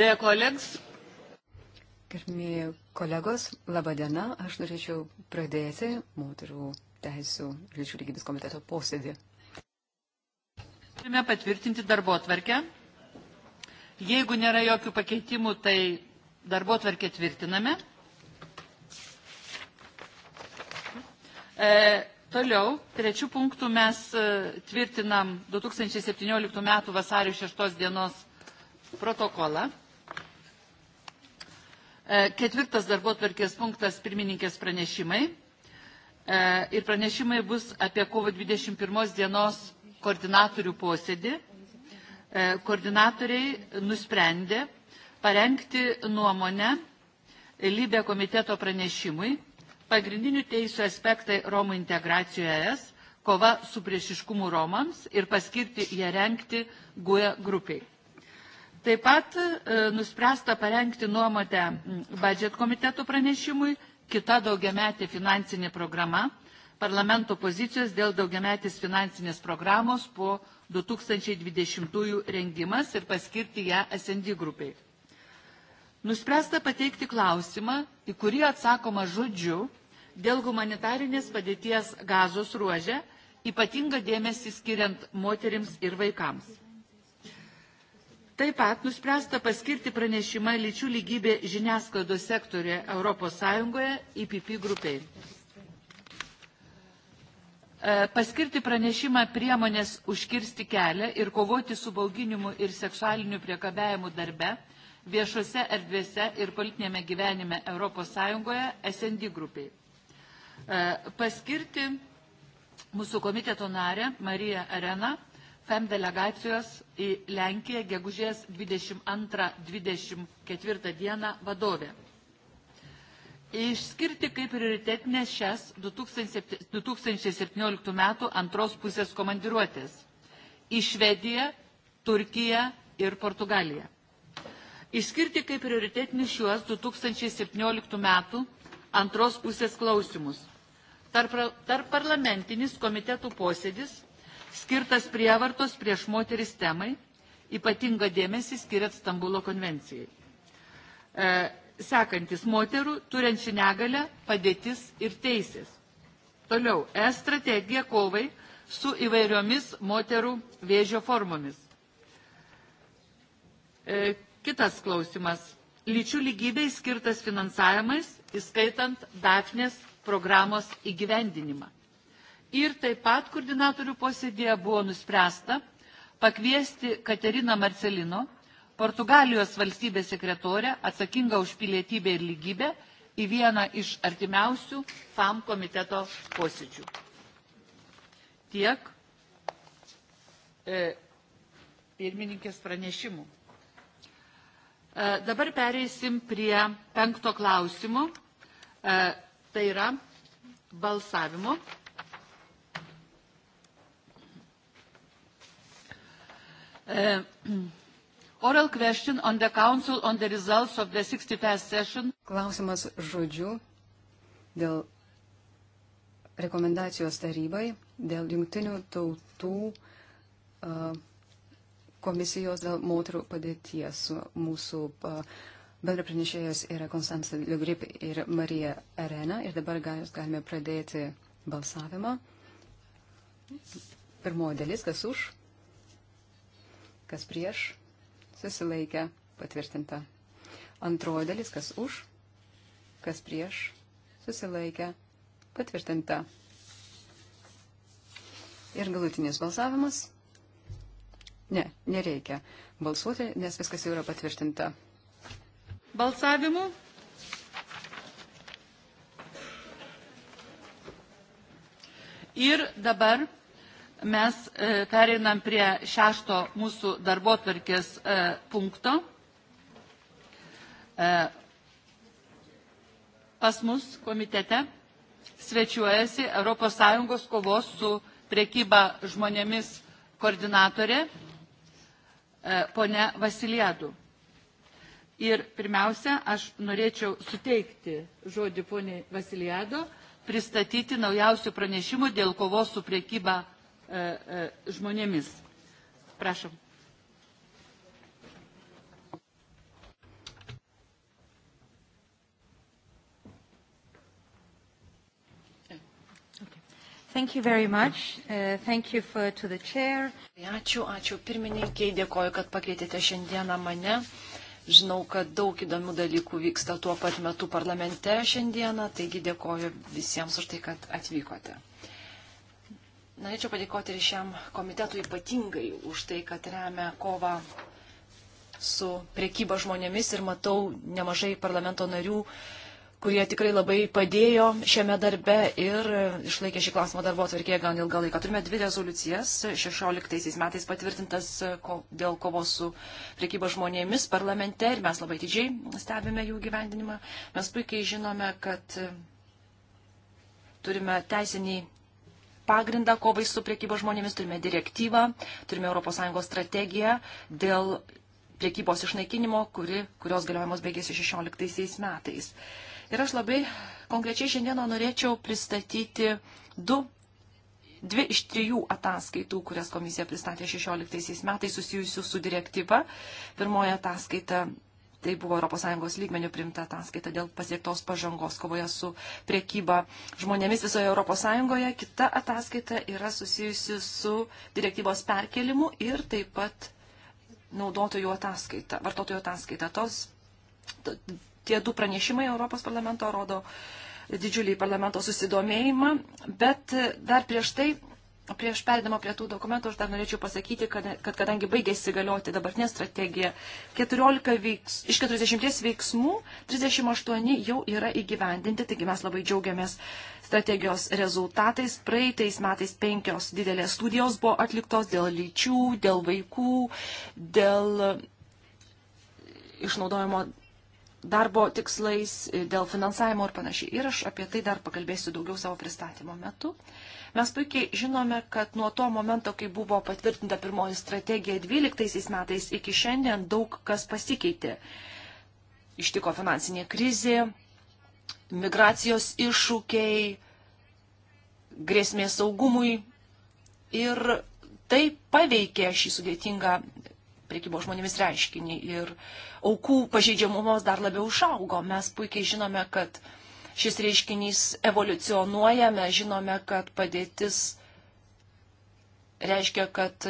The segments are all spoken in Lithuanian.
Dear colleagues. Gerbimi kolegos, laba diena. Aš norėčiau pradėti moterų teisų ir lyčių lygybės komiteto posėdį. Turime patvirtinti darbo atvarkę. Jeigu nėra jokių pakeitimų, tai darbo atvarkę tvirtiname. E, Toliau, trečių punktų mes e, tvirtinam 2017 m. vasario 6 dienos protokolą. E, ketvirtas darbo tvarkės punktas pirmininkės pranešimai. E, ir pranešimai bus apie kovo 21 dienos koordinatorių posėdį. E, koordinatoriai nusprendė parengti nuomonę Lybė komiteto pranešimui pagrindinių teisų aspektai Romų integracijoje ES, kova su priešiškumu Romams ir paskirti ją renkti GUE grupiai. Taip pat e, nuspręsta parengti nuomonę budžet komiteto pranešimui, kita daugiametė finansinė programa, parlamento pozicijos dėl daugiametės finansinės programos po 2020 rengimas ir paskirti ją SND grupiai. Nuspręsta pateikti klausimą, į kurį atsakoma žodžiu dėl humanitarinės padėties gazos ruožė, ypatinga dėmesį skiriant moterims ir vaikams. Taip pat nuspręsta paskirti pranešimą lyčių lygybė žiniasklaidos sektorė ES IPP e grupiai. E, paskirti pranešimą priemonės užkirsti kelią ir kovoti su bauginimu ir seksualiniu priekabiavimu darbe, viešose erdvėse ir politinėme gyvenime ES SND grupiai. Paskirti mūsų komiteto narę Mariją Areną FEM delegacijos į Lenkiją gegužės 22-24 dieną vadovė. Išskirti kaip prioritetinės šias 2017 metų antros pusės komandiruotės į Švediją, Turkiją ir Portugaliją. Išskirti kaip prioritetinius šiuos 2017 metų antros pusės klausimus. Tarp, tarp parlamentinis komitetų posėdis – skirtas prievartos prieš moteris temai, ypatinga dėmesį skiriat Stambulo konvencijai. E, sekantis moterų turinčių negalę padėtis ir teisės. Toliau, E strategija kovai su įvairiomis moterų vėžio formomis. E, kitas klausimas. Lyčių lygybei skirtas finansavimais, įskaitant Dafnės programos įgyvendinimą ir taip pat koordinatorių posėdėje buvo nuspręsta pakviesti Kateriną Marcelino, Portugalijos valstybės sekretorę atsakingą už pilietybę ir lygybę į vieną iš artimiausių FAM komiteto posėdžių. Tiek e, pirmininkės pranešimų. E, dabar pereisim prie penkto klausimo, e, tai yra balsavimo. Uh, oral question on the Council on the results of the 61st session. Klausimas žodžiu dėl rekomendacijos tarybai dėl jungtinių tautų uh, komisijos dėl moterų padėties. Mūsų uh, bendra pranešėjas yra Konstantas Liugrip ir Marija Arena. Ir dabar galime pradėti balsavimą. Pirmoji dalis, kas už? kas prieš, susilaikė, patvirtinta. Antroji dalis, kas už, kas prieš, susilaikė, patvirtinta. Ir galutinis balsavimas. Ne, nereikia balsuoti, nes viskas jau yra patvirtinta. Balsavimu. Ir dabar mes e, pereinam prie šešto mūsų darbo tvarkės e, punkto. E, pas mus komitete svečiuojasi ES kovos su priekyba žmonėmis koordinatorė ponia Vasiliadu. Ir pirmiausia, aš norėčiau suteikti žodį poniai Vasiliado pristatyti naujausių pranešimų dėl kovos su priekyba E, e, žmonėmis. Prašom. Thank you very much. Uh, thank you for, to the chair. Ačiū, ačiū pirmininkiai, dėkoju, kad pakvietėte šiandieną mane. Žinau, kad daug įdomių dalykų vyksta tuo pat metu parlamente šiandieną, taigi dėkoju visiems už tai, kad atvykote. Norėčiau padėkoti ir šiam komitetui ypatingai už tai, kad remia kovą su priekyba žmonėmis ir matau nemažai parlamento narių, kurie tikrai labai padėjo šiame darbe ir išlaikė šį klausimą darbo atvarkėje gan ilgą laiką. Turime dvi rezoliucijas. 16 metais patvirtintas dėl kovos su priekyba žmonėmis parlamente ir mes labai didžiai stebime jų gyvendinimą. Mes puikiai žinome, kad turime teisinį pagrindą kovai su priekybos žmonėmis, turime direktyvą, turime ES strategiją dėl priekybos išnaikinimo, kuri, kurios galiojimas baigėsi 16 metais. Ir aš labai konkrečiai šiandieną norėčiau pristatyti du, dvi iš trijų ataskaitų, kurias komisija pristatė 16 metais susijusių su direktyva. Pirmoji ataskaita Tai buvo ES lygmenių primta ataskaita dėl pasiektos pažangos kovoje su priekyba žmonėmis visoje ES. Kita ataskaita yra susijusi su direktyvos perkelimu ir taip pat naudotojų ataskaita, vartotojų ataskaita. Tos, to, tie du pranešimai Europos parlamento rodo didžiulį parlamento susidomėjimą, bet dar prieš tai Prieš perdama prie tų dokumentų aš dar norėčiau pasakyti, kad, kad kadangi baigėsi galioti dabartinė strategija, 14 veiks, iš 40 veiksmų 38 jau yra įgyvendinti, taigi mes labai džiaugiamės strategijos rezultatais. Praeitais metais penkios didelės studijos buvo atliktos dėl lyčių, dėl vaikų, dėl išnaudojimo darbo tikslais, dėl finansavimo ir panašiai. Ir aš apie tai dar pakalbėsiu daugiau savo pristatymo metu. Uh, Mes puikiai žinome, kad nuo to momento, kai buvo patvirtinta pirmoji strategija 12 metais iki šiandien daug kas pasikeitė. Ištiko finansinė krizė, migracijos iššūkiai, grėsmė saugumui ir tai paveikė šį sudėtingą priekybo žmonėmis reiškinį ir aukų pažeidžiamumas dar labiau išaugo. Mes puikiai žinome, kad šis reiškinys evoliucionuoja, mes žinome, kad padėtis reiškia, kad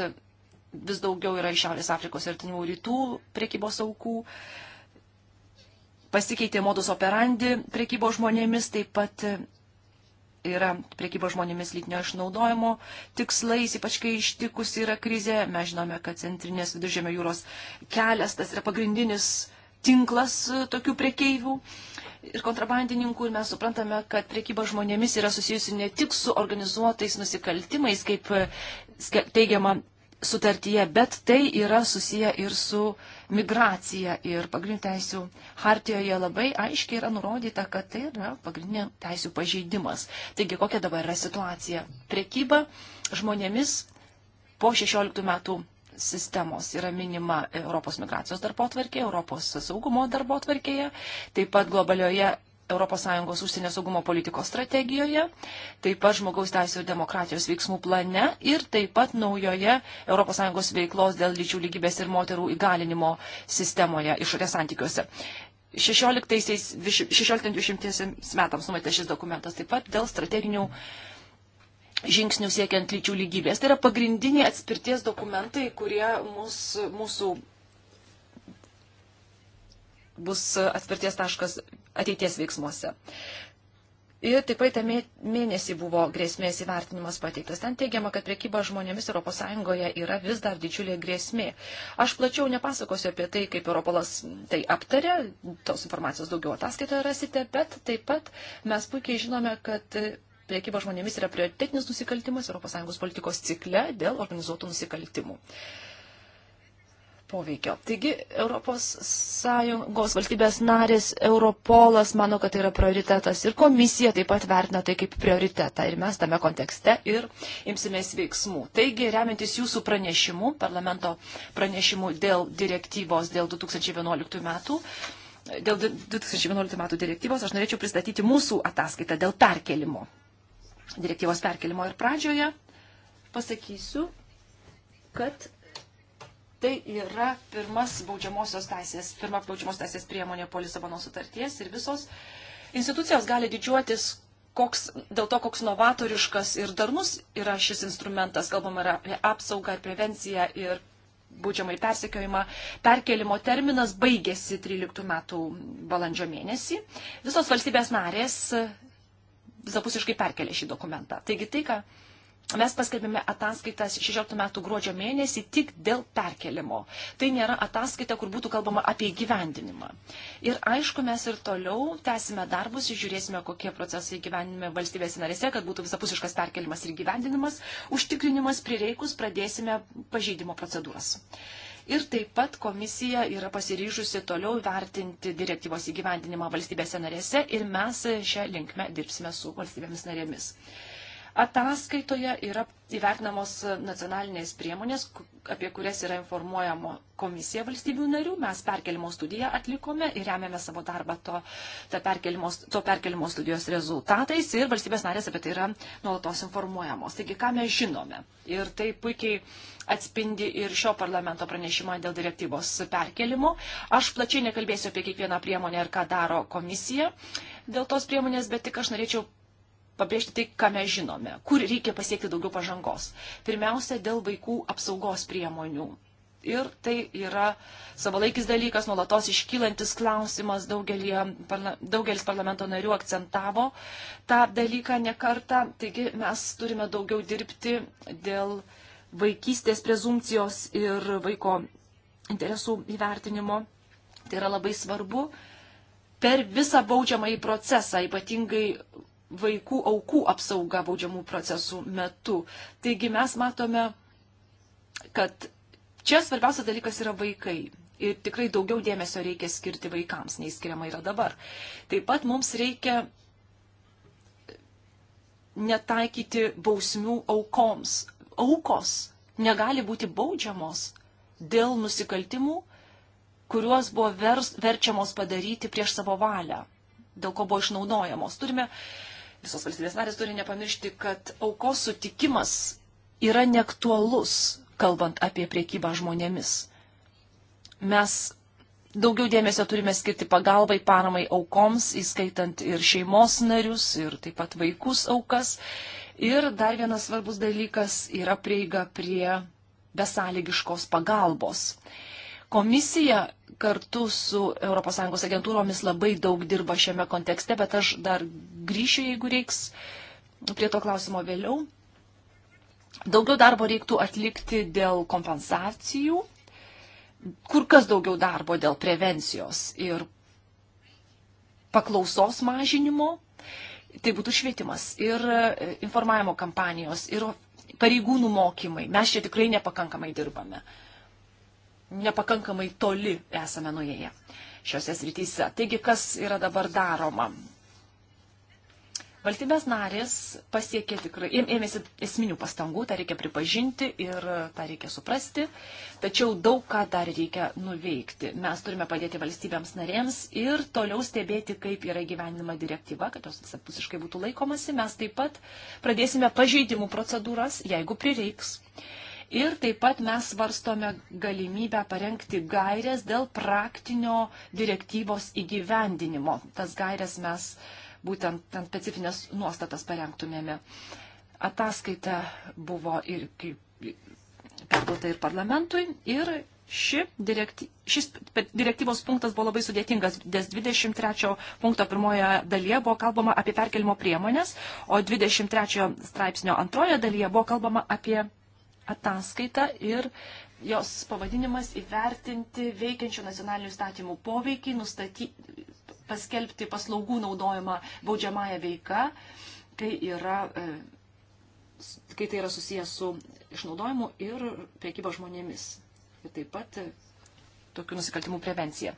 vis daugiau yra iš Šiaurės Afrikos ir Tinimų rytų priekybos aukų, pasikeitė modus operandi priekybos žmonėmis, taip pat yra priekybos žmonėmis lytinio išnaudojimo tikslais, ypač kai ištikus yra krizė. Mes žinome, kad centrinės viduržėmio jūros kelias, tas yra pagrindinis tinklas tokių priekeivių. Uh, ir kontrabandininkų ir mes suprantame, kad priekyba žmonėmis yra susijusi ne tik su organizuotais nusikaltimais, kaip e, teigiama sutartyje, bet tai yra susiję ir su migracija. Ir pagrindinių teisių hartijoje labai aiškiai yra nurodyta, kad tai yra pagrindinių teisių pažeidimas. Taigi, kokia dabar yra situacija? Priekyba žmonėmis po 16 metų sistemos yra minima Europos migracijos darbo tvarkėje, Europos saugumo darbo tvarkėje, taip pat globalioje ES užsienio saugumo politikos strategijoje, taip pat žmogaus teisų ir demokratijos veiksmų plane ir taip pat naujoje ES veiklos dėl lyčių lygybės ir moterų įgalinimo sistemoje išorės santykiuose. 16-20 metams numatė šis dokumentas taip pat dėl strateginių žingsnių siekiant lyčių lygybės. Tai yra pagrindiniai atspirties dokumentai, kurie mus, mūsų bus atspirties taškas ateities veiksmuose. Ir tikrai tame mėnesį buvo grėsmės įvertinimas pateiktas. Ten teigiama, kad priekyba žmonėmis ES yra vis dar didžiulė grėsmė. Aš plačiau nepasakosiu apie tai, kaip Europolas tai aptarė, tos informacijos daugiau ataskaitoje rasite, bet taip pat mes puikiai žinome, kad priekyba žmonėmis yra prioritetinis nusikaltimas ES politikos cikle dėl organizuotų nusikaltimų poveikio. Taigi ES valstybės narės Europolas mano, kad tai yra prioritetas ir komisija taip pat vertina tai kaip prioritetą ir mes tame kontekste ir imsimės veiksmų. Taigi, remiantis jūsų pranešimu, parlamento pranešimu dėl direktyvos dėl 2011 metų, dėl 2011 metų direktyvos, aš norėčiau pristatyti mūsų ataskaitą dėl perkelimo direktyvos perkelimo ir pradžioje pasakysiu, kad tai yra pirmas baudžiamosios teisės, pirma baudžiamos teisės priemonė po Lisabonos sutarties ir visos institucijos gali didžiuotis koks, dėl to, koks novatoriškas ir darnus yra šis instrumentas. Kalbama yra apie apsaugą ir prevenciją ir būdžiamai persekiojimą. Perkelimo terminas baigėsi 13 metų balandžio mėnesį. Visos valstybės narės visapusiškai perkelia šį dokumentą. Taigi tai, ką Mes paskelbėme ataskaitas 16 metų gruodžio mėnesį tik dėl perkelimo. Tai nėra ataskaita, kur būtų kalbama apie gyvendinimą. Ir aišku, mes ir toliau tęsime darbus ir žiūrėsime, kokie procesai gyvenime valstybės narėse, kad būtų visapusiškas perkelimas ir gyvendinimas. Užtikrinimas prireikus pradėsime pažeidimo procedūras. Ir taip pat komisija yra pasiryžusi toliau vertinti direktyvos įgyvendinimą valstybėse narėse ir mes šią linkmę dirbsime su valstybėmis narėmis. Ataskaitoje yra įvertinamos nacionalinės priemonės, apie kurias yra informuojama komisija valstybių narių. Mes perkelimo studiją atlikome ir remiame savo darbą to, perkelimo, to perkelimo studijos rezultatais ir valstybės narės apie tai yra nuolatos informuojamos. Taigi, ką mes žinome. Ir tai puikiai atspindi ir šio parlamento pranešimą dėl direktyvos perkelimo. Aš plačiai nekalbėsiu apie kiekvieną priemonę ir ką daro komisija dėl tos priemonės, bet tik aš norėčiau pabrėžti tai, ką mes žinome, kur reikia pasiekti daugiau pažangos. Pirmiausia, dėl vaikų apsaugos priemonių. Ir tai yra savalaikis dalykas, nuolatos iškylantis klausimas, daugelį, daugelis parlamento narių akcentavo tą dalyką nekartą, taigi mes turime daugiau dirbti dėl vaikystės prezumcijos ir vaiko interesų įvertinimo. Tai yra labai svarbu per visą baudžiamąjį procesą, ypatingai vaikų aukų apsauga baudžiamų procesų metu. Taigi mes matome, kad čia svarbiausias dalykas yra vaikai. Ir tikrai daugiau dėmesio reikia skirti vaikams, nei skiriama yra dabar. Taip pat mums reikia netaikyti bausmių aukoms. Aukos negali būti baudžiamos dėl nusikaltimų, kuriuos buvo vers, verčiamos padaryti prieš savo valią dėl ko buvo išnaudojamos. Turime visos valstybės narės turi nepamiršti, kad aukos sutikimas yra neaktualus, kalbant apie priekybą žmonėmis. Mes daugiau dėmesio turime skirti pagalbai, paramai aukoms, įskaitant ir šeimos narius, ir taip pat vaikus aukas. Ir dar vienas svarbus dalykas yra prieiga prie besąlygiškos pagalbos. Komisija kartu su ES agentūromis labai daug dirba šiame kontekste, bet aš dar grįšiu, jeigu reiks, prie to klausimo vėliau. Daugiau darbo reiktų atlikti dėl kompensacijų, kur kas daugiau darbo dėl prevencijos ir paklausos mažinimo, tai būtų švietimas ir e, informavimo kampanijos ir pareigūnų mokymai. Mes čia tikrai nepakankamai dirbame. Uh, nepakankamai toli esame nuėję šiuose srityse. Taigi, kas yra dabar daroma? Valstybės narės pasiekė tikrai, ėmėsi esminių pastangų, tą reikia pripažinti ir tą reikia suprasti, tačiau daug ką dar reikia nuveikti. Mes turime padėti valstybėms narėms ir toliau stebėti, kaip yra gyvenima direktyva, kad jos visapusiškai būtų laikomasi. Mes taip pat pradėsime pažeidimų procedūras, jeigu prireiks. Ir taip pat mes svarstome galimybę parengti gairės dėl praktinio direktyvos įgyvendinimo. Tas gairės mes būtent ten specifines nuostatas parengtumėme. Ataskaita buvo ir perduota ir parlamentui, ir ši direkty, šis direktyvos punktas buvo labai sudėtingas, nes 23 punkto pirmoje dalyje buvo kalbama apie perkelimo priemonės, o 23 straipsnio antroje dalyje buvo kalbama apie ataskaitą ir jos pavadinimas įvertinti veikiančių nacionalinių statymų poveikį, nustaty, paskelbti paslaugų naudojimą baudžiamąją veiką, kai, yra, e, kai tai yra susijęs su išnaudojimu ir priekyba žmonėmis. Ir taip pat e, tokių nusikaltimų prevencija.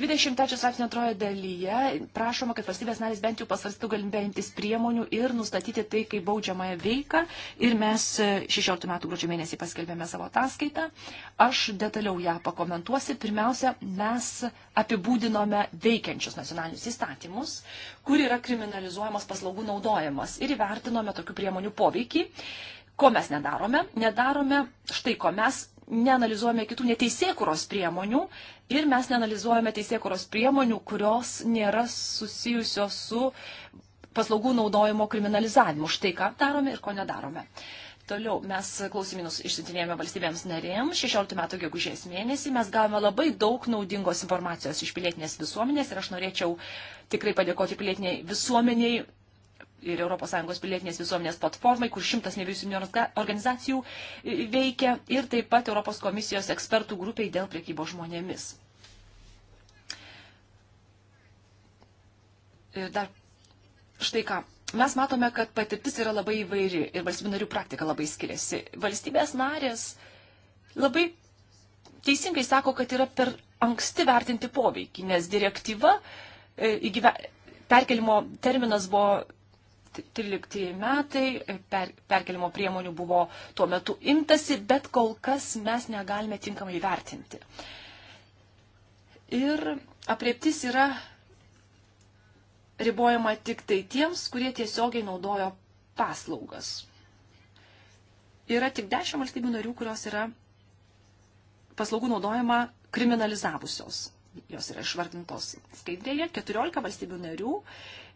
23 straipsnio antroje dalyje prašoma, kad valstybės narės bent jau pasvarstytų galimybę imtis priemonių ir nustatyti tai kaip baudžiamąją veiką. Ir mes 16 e, metų gruodžio mėnesį paskelbėme savo ataskaitą. Aš detaliau ją pakomentuosiu. Pirmiausia, mes apibūdinome veikiančius nacionalinius įstatymus, kur yra kriminalizuojamas paslaugų naudojimas ir įvertinome tokių priemonių poveikį. Ko mes nedarome? Nedarome štai ko mes neanalizuojame kitų neteisėkuros priemonių ir mes neanalizuojame teisėkuros priemonių, kurios nėra susijusios su paslaugų naudojimo kriminalizavimu. Štai ką darome ir ko nedarome. Toliau mes klausimynus išsitinėjome valstybėms narėms. 16 metų gegužės mėnesį mes gavome labai daug naudingos informacijos iš pilietinės visuomenės ir aš norėčiau tikrai padėkoti pilietiniai visuomeniai ir ES pilietinės visuomenės platformai, kur šimtas nevyriausybinio organizacijų e, veikia ir taip pat Europos komisijos ekspertų grupiai dėl priekybos žmonėmis. Ir dar štai ką. Mes matome, kad patirtis yra labai įvairi ir valstybių narių praktika labai skiriasi. Valstybės narės labai teisingai sako, kad yra per anksti vertinti poveikį, nes direktyva e, įgyve... perkelimo terminas buvo 13 metai, per, perkelimo priemonių buvo tuo metu imtasi, bet kol kas mes negalime tinkamai vertinti. Ir apriptis yra ribojama tik tai tiems, kurie tiesiogiai naudojo paslaugas. Yra tik 10 valstybių narių, kurios yra paslaugų naudojama kriminalizavusios. Jos yra išvardintos skaidrėje, 14 valstybių narių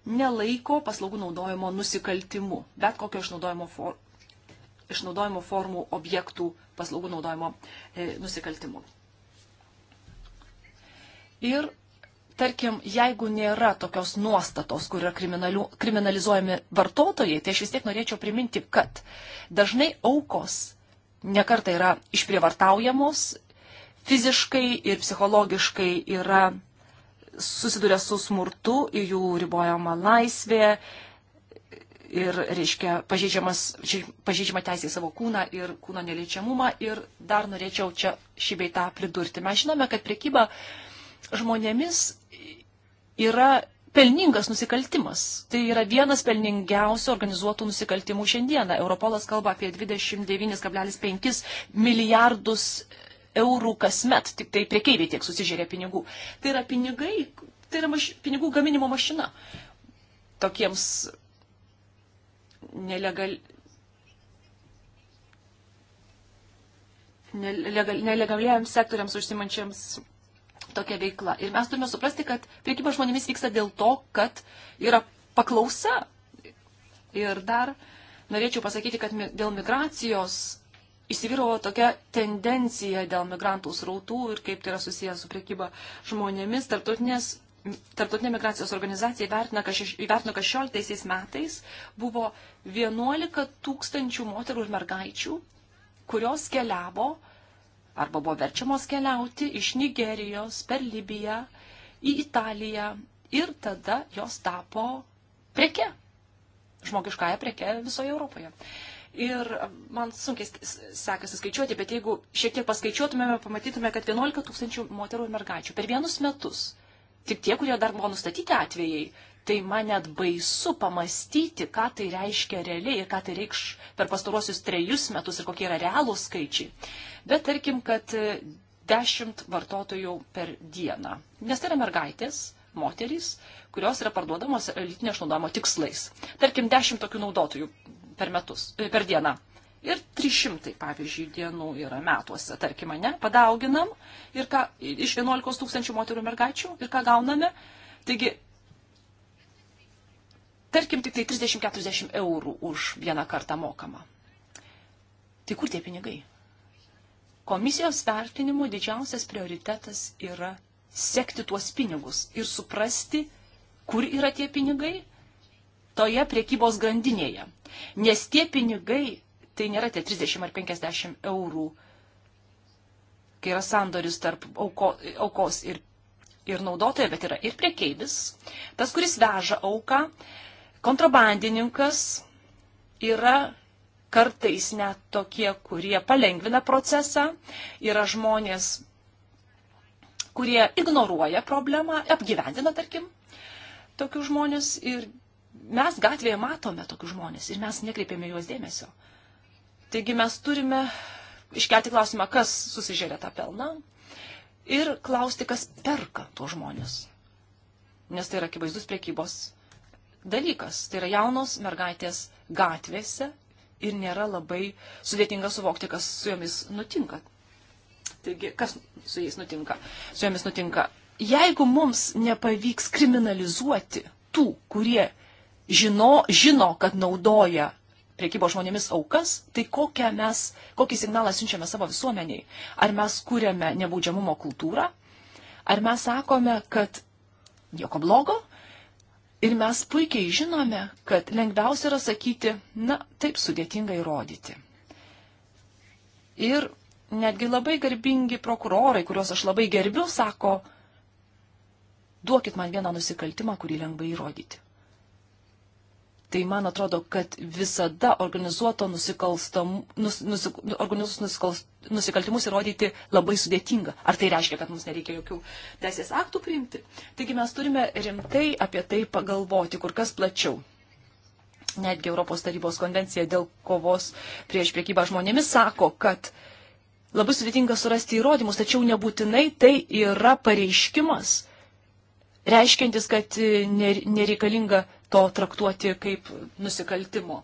nelaiko paslaugų naudojimo nusikaltimu, bet kokio išnaudojimo, for, išnaudojimo formų objektų paslaugų naudojimo e, nusikaltimu. Ir tarkim, jeigu nėra tokios nuostatos, kur yra kriminalizuojami vartotojai, tai aš vis tiek norėčiau priminti, kad dažnai aukos nekarta yra išprievartaujamos, fiziškai ir psichologiškai yra susiduria su smurtu, jų ribojama laisvė ir, reiškia, pažeidžiama teisė į savo kūną ir kūno neliečiamumą. Ir dar norėčiau čia šį beitą pridurti. Mes žinome, kad priekyba žmonėmis yra pelningas nusikaltimas. Tai yra vienas pelningiausių organizuotų nusikaltimų šiandieną. Europolas kalba apie 29,5 milijardus eurų kasmet, tik tai priekeiviai tiek susižiūrė pinigų. Tai yra pinigai, tai yra maš, pinigų gaminimo mašina tokiems nelegal, nelegal, nelegaliams sektoriams užsimančiams tokia veikla. Ir mes turime suprasti, kad priekyba žmonėmis vyksta dėl to, kad yra paklausa. Ir dar norėčiau pasakyti, kad dėl migracijos įsivyravo tokia tendencija dėl migrantų srautų ir kaip tai yra susijęs su priekyba žmonėmis. Tarptautinės, tarptautinė migracijos organizacija įvertino, kad 16 metais buvo 11 tūkstančių moterų ir mergaičių, kurios keliavo arba buvo verčiamos keliauti iš Nigerijos per Libiją į Italiją ir tada jos tapo preke, žmogiškąją preke visoje Europoje. Uh, Ir man sunkiai sekasi skaičiuoti, bet jeigu šiek tiek paskaičiuotumėme, pamatytume, kad 11 tūkstančių moterų ir mergaičių per vienus metus, tik tie, kurie dar buvo nustatyti atvejai, tai man net baisu pamastyti, ką tai reiškia realiai ir ką tai reikš per pastaruosius trejus metus ir kokie yra realūs skaičiai. Bet tarkim, kad 10 vartotojų per dieną. Nes tai yra mergaitės, moterys, kurios yra parduodamos lytinio išnaudojimo tikslais. Tarkim, 10 tokių naudotojų per, metus, e, per dieną. Ir 300, pavyzdžiui, dienų yra metuose, tarkim, ne, padauginam ir ką, iš 11 tūkstančių moterų mergaičių ir ką gauname. Taigi, tarkim, tik tai 30-40 eurų už vieną kartą mokama. Tai kur tie pinigai? Komisijos vertinimo didžiausias prioritetas yra sekti tuos pinigus ir suprasti, kur yra tie pinigai toje priekybos grandinėje. Nes tie pinigai, tai nėra tie 30 ar 50 eurų, kai yra sandoris tarp auko, aukos ir, ir naudotojo, bet yra ir priekeivis, tas, kuris veža auką, kontrabandininkas yra kartais net tokie, kurie palengvina procesą, yra žmonės, kurie ignoruoja problemą, apgyvendina, tarkim, tokius žmonės ir mes gatvėje matome tokius žmonės ir mes nekreipiame juos dėmesio. Taigi mes turime iškelti klausimą, kas susižėlė tą pelną ir klausti, kas perka tuos žmonės. Nes tai yra akivaizdus priekybos dalykas. Tai yra jaunos mergaitės gatvėse ir nėra labai sudėtinga suvokti, kas su jomis nutinka. Taigi, kas su jais nutinka? Su jomis nutinka. Jeigu mums nepavyks kriminalizuoti tų, kurie žino, žino kad naudoja priekybo žmonėmis aukas, tai mes, kokį signalą siunčiame savo visuomeniai? Ar mes kūrėme nebaudžiamumo kultūrą? Ar mes sakome, kad nieko blogo? Ir mes puikiai žinome, kad lengviausia yra sakyti, na, taip sudėtinga įrodyti. Ir netgi labai garbingi prokurorai, kuriuos aš labai gerbiu, sako, duokit man vieną nusikaltimą, kurį lengvai įrodyti. Tai man atrodo, kad visada organizuoto nusikalstam, nus, nusik, organizuotus nusikalst, nusikaltimus įrodyti labai sudėtinga. Ar tai reiškia, kad mums nereikia jokių teisės aktų priimti? Taigi mes turime rimtai apie tai pagalvoti, kur kas plačiau. Netgi Europos tarybos konvencija dėl kovos prieš priekybą žmonėmis sako, kad labai sudėtinga surasti įrodymus, tačiau nebūtinai tai yra pareiškimas reiškiantis, kad e, nereikalinga to traktuoti kaip nusikaltimo.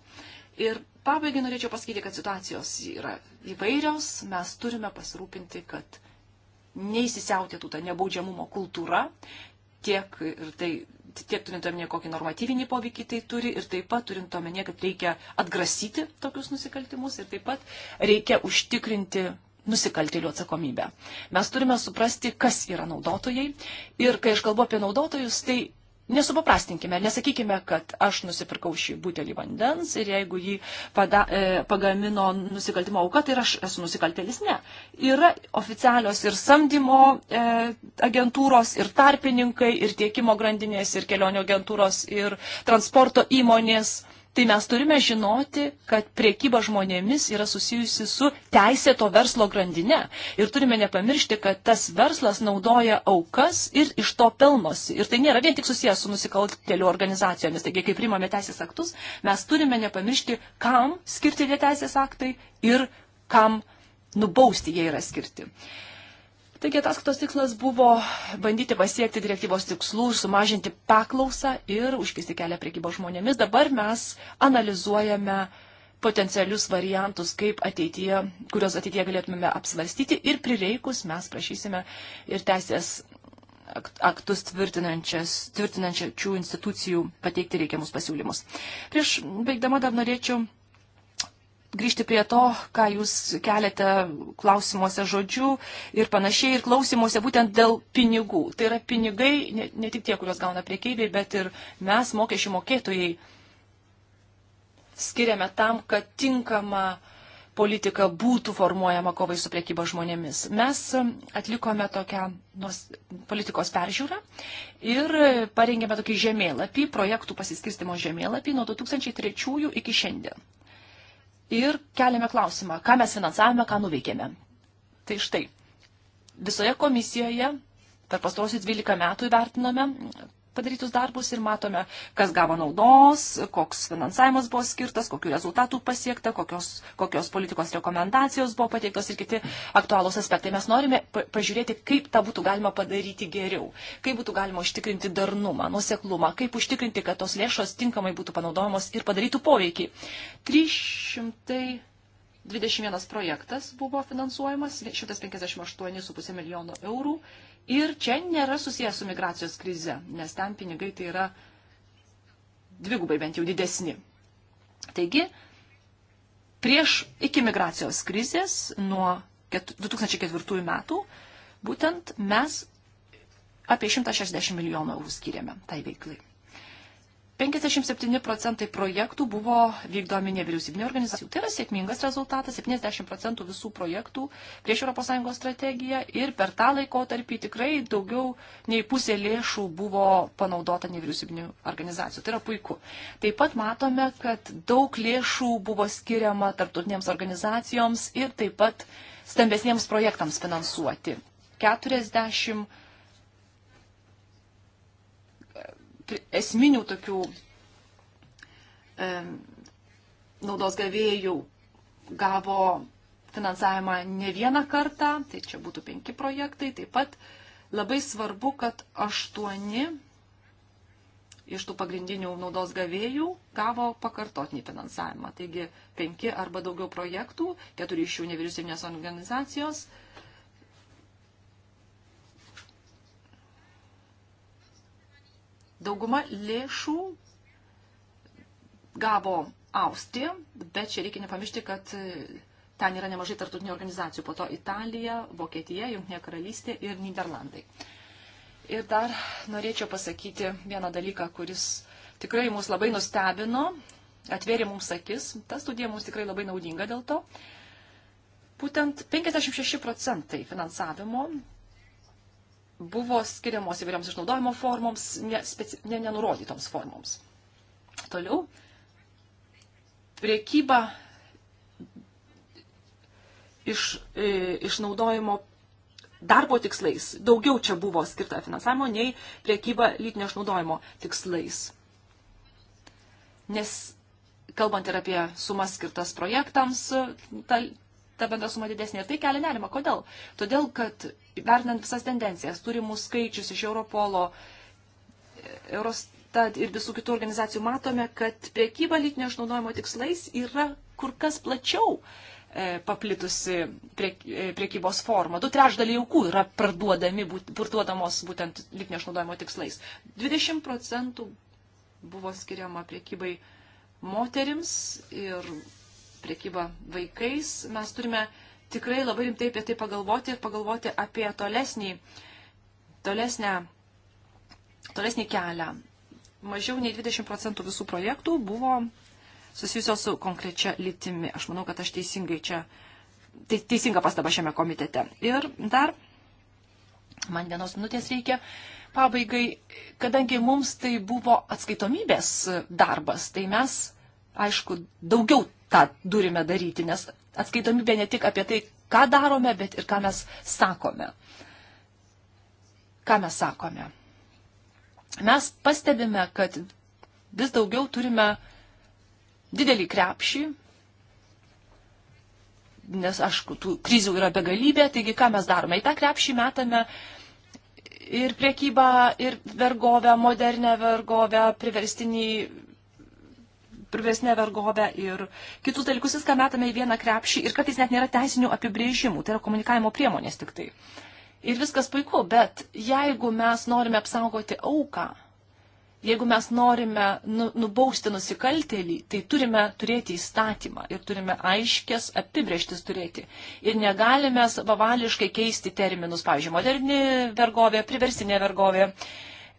Ir pabaigai norėčiau pasakyti, kad situacijos yra įvairios, mes turime pasirūpinti, kad neįsisiautėtų ta nebaudžiamumo kultūra, tiek ir tai tiek turint omenyje, kokį normatyvinį poveikį tai turi ir taip pat turint omenyje, kad reikia atgrasyti tokius nusikaltimus ir taip pat reikia užtikrinti nusikaltėlių atsakomybę. Mes turime suprasti, kas yra naudotojai ir kai aš kalbu apie naudotojus, tai Nesupaprastinkime, nesakykime, kad aš nusipirkau šį butelį vandens ir jeigu jį pada, e, pagamino nusikaltimo auka, tai aš esu nusikaltelis. Ne. Yra oficialios ir samdymo e, agentūros, ir tarpininkai, ir tiekimo grandinės, ir kelionių agentūros, ir transporto įmonės tai mes turime žinoti, kad priekyba žmonėmis yra susijusi su teisėto verslo grandinė. Ir turime nepamiršti, kad tas verslas naudoja aukas ir iš to pelnosi. Ir tai nėra vien tik susijęs su nusikaltelių organizacijomis. Taigi, kai primame teisės aktus, mes turime nepamiršti, kam skirti tie teisės aktai ir kam nubausti jie yra skirti. Uh, Taigi ataskaitos tikslas buvo bandyti pasiekti direktyvos tikslų, sumažinti paklausą ir užkisti kelią priekybos žmonėmis. Dabar mes analizuojame potencialius variantus, kaip ateityje, kuriuos ateityje galėtumėme apsvarstyti ir prireikus mes prašysime ir teisės aktus tvirtinančių institucijų pateikti reikiamus pasiūlymus. Prieš baigdama dar norėčiau grįžti prie to, ką jūs keliate klausimuose žodžių ir panašiai, ir klausimuose būtent dėl pinigų. Tai yra pinigai, ne, ne tik tie, kuriuos gauna priekeiviai, bet ir mes, mokesčių mokėtojai, skiriame tam, kad tinkama politika būtų formuojama kovai su priekyba žmonėmis. Mes atlikome tokią nors, politikos peržiūrą ir parengėme tokį žemėlapį, projektų pasiskirstimo žemėlapį nuo 2003 iki šiandien ir keliame klausimą, ką mes finansavome, ką nuveikėme. Tai štai, visoje komisijoje per pastarosius 12 metų įvertinome padarytus darbus ir matome, kas gavo naudos, koks finansavimas buvo skirtas, kokiu rezultatų pasiekta, kokios, kokios politikos rekomendacijos buvo pateiktos ir kiti aktualūs aspektai. Mes norime pažiūrėti, kaip tą būtų galima padaryti geriau, kaip būtų galima užtikrinti darnumą, nuseklumą, kaip užtikrinti, kad tos lėšos tinkamai būtų panaudojamos ir padarytų poveikį. 321 projektas buvo finansuojamas, 158,5 milijono eurų Ir čia nėra susijęs su migracijos krize, nes ten pinigai tai yra dvigubai bent jau didesni. Taigi, prieš iki migracijos krizės nuo 2004 metų būtent mes apie 160 milijonų eurų skiriame tai veiklai. 57 procentai projektų buvo vykdomi nevyriausybinio organizacijų. Tai yra sėkmingas rezultatas, 70 procentų visų projektų prieš ES strategiją ir per tą laikotarpį tikrai daugiau nei pusė lėšų buvo panaudota nevyriausybinio organizacijų. Tai yra puiku. Taip pat matome, kad daug lėšų buvo skiriama tarptautinėms organizacijoms ir taip pat stambesniems projektams finansuoti. 40 esminių tokių e, naudos gavėjų gavo finansavimą ne vieną kartą, tai čia būtų penki projektai. Taip pat labai svarbu, kad aštuoni iš tų pagrindinių naudos gavėjų gavo pakartotinį finansavimą. Taigi penki arba daugiau projektų, keturi iš jų nevyriausybinės organizacijos. E, Dauguma lėšų gavo Austrija, bet čia reikia nepamiršti, kad e, ten yra nemažai tartutinių organizacijų, po to Italija, Vokietija, Junktinė karalystė ir Niderlandai. Ir dar norėčiau pasakyti vieną dalyką, kuris tikrai mus labai nustebino, atvėrė mums akis, ta studija mums tikrai labai naudinga dėl to. Būtent 56 procentai finansavimo buvo skiriamos įvairioms išnaudojimo formoms, ne, speci... ne, nenurodytoms formoms. Toliau, priekyba iš, e, išnaudojimo darbo tikslais. Daugiau čia buvo skirta finansavimo nei priekyba lytinio išnaudojimo tikslais. Nes kalbant ir apie sumas skirtas projektams, ta ta bendra suma didesnė. Ir tai kelia nerima. Kodėl? Todėl, kad vertinant visas tendencijas, turimus skaičius iš Europolo, Eurostat ir visų kitų organizacijų matome, kad priekyba lytinio išnaudojimo tikslais yra kur kas plačiau e, paplitusi prie, e, priekybos forma. Du trešdaliai jaukų yra parduodami, būt, parduodamos būtent lytinio išnaudojimo tikslais. 20 procentų buvo skiriama priekybai moterims ir priekyba vaikais, mes turime tikrai labai rimtai apie tai pagalvoti ir pagalvoti apie tolesnį, tolesnę, tolesnį kelią. Mažiau nei 20 procentų visų projektų buvo susijusios su konkrečia lytimi. Aš manau, kad aš teisingai čia, te, teisinga pastaba šiame komitete. Ir dar man vienos minutės reikia pabaigai, kadangi mums tai buvo atskaitomybės darbas, tai mes, aišku, daugiau tą turime daryti, nes atskaitomybė ne tik apie tai, ką darome, bet ir ką mes sakome. Ką mes sakome. Mes pastebime, kad vis daugiau turime didelį krepšį, nes, aišku, tų krizių yra begalybė, taigi ką mes darome? Į tą krepšį metame ir priekybą, ir vergovę, modernę vergovę, priverstinį priversnę vergovę ir kitus dalykus, viską metame į vieną krepšį ir kartais net nėra teisinių apibrėžimų, tai yra komunikavimo priemonės tik tai. Ir viskas puiku, bet jeigu mes norime apsaugoti auką, jeigu mes norime nu, nubausti nusikaltėlį, tai turime turėti įstatymą ir turime aiškės apibrieštis turėti. Ir negalime savavališkai keisti terminus, pavyzdžiui, moderni vergovė, priversinė vergovė. Uh,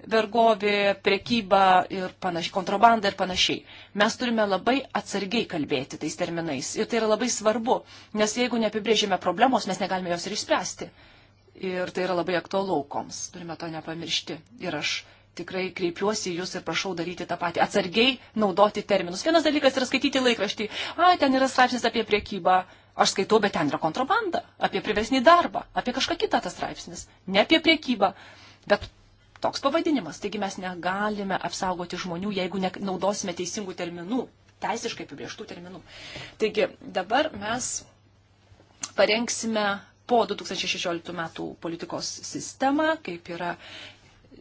vergovė, prekyba ir panašiai, kontrabanda ir panašiai. Mes turime labai atsargiai kalbėti tais terminais. Ir tai yra labai svarbu, nes jeigu neapibrėžime problemos, mes negalime jos ir išspręsti. Ir tai yra labai aktualu aukoms. Turime to nepamiršti. Ir aš tikrai kreipiuosi jūs ir prašau daryti tą patį. Atsargiai naudoti terminus. Vienas dalykas yra skaityti laikraštį. A, ten yra straipsnis apie priekybą. Aš skaitau, bet ten yra kontrabanda. Apie priversnį darbą. Apie kažką kitą tas straipsnis. Ne apie priekybą. Bet toks pavadinimas. Taigi mes negalime apsaugoti žmonių, jeigu naudosime teisingų terminų, teisiškai apibrieštų terminų. Taigi dabar mes parengsime po 2016 metų politikos sistemą, kaip yra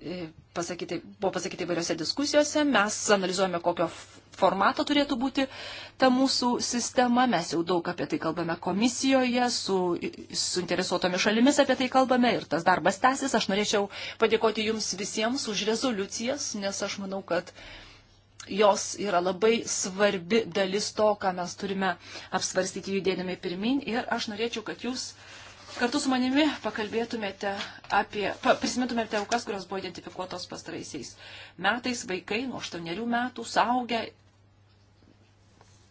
E, pasakyti, buvo pasakyti įvairiose diskusijose, mes analizuojame, kokio formato turėtų būti ta mūsų sistema, mes jau daug apie tai kalbame komisijoje, su suinteresuotomis šalimis apie tai kalbame ir tas darbas tęsis. Aš norėčiau padėkoti Jums visiems už rezoliucijas, nes aš manau, kad jos yra labai svarbi dalis to, ką mes turime apsvarstyti judėdami pirmin ir aš norėčiau, kad Jūs uh, kartu su manimi pakalbėtumėte apie, pa, prisimintumėte aukas, kurios buvo identifikuotos pastaraisiais metais, vaikai nuo 8 metų, saugę.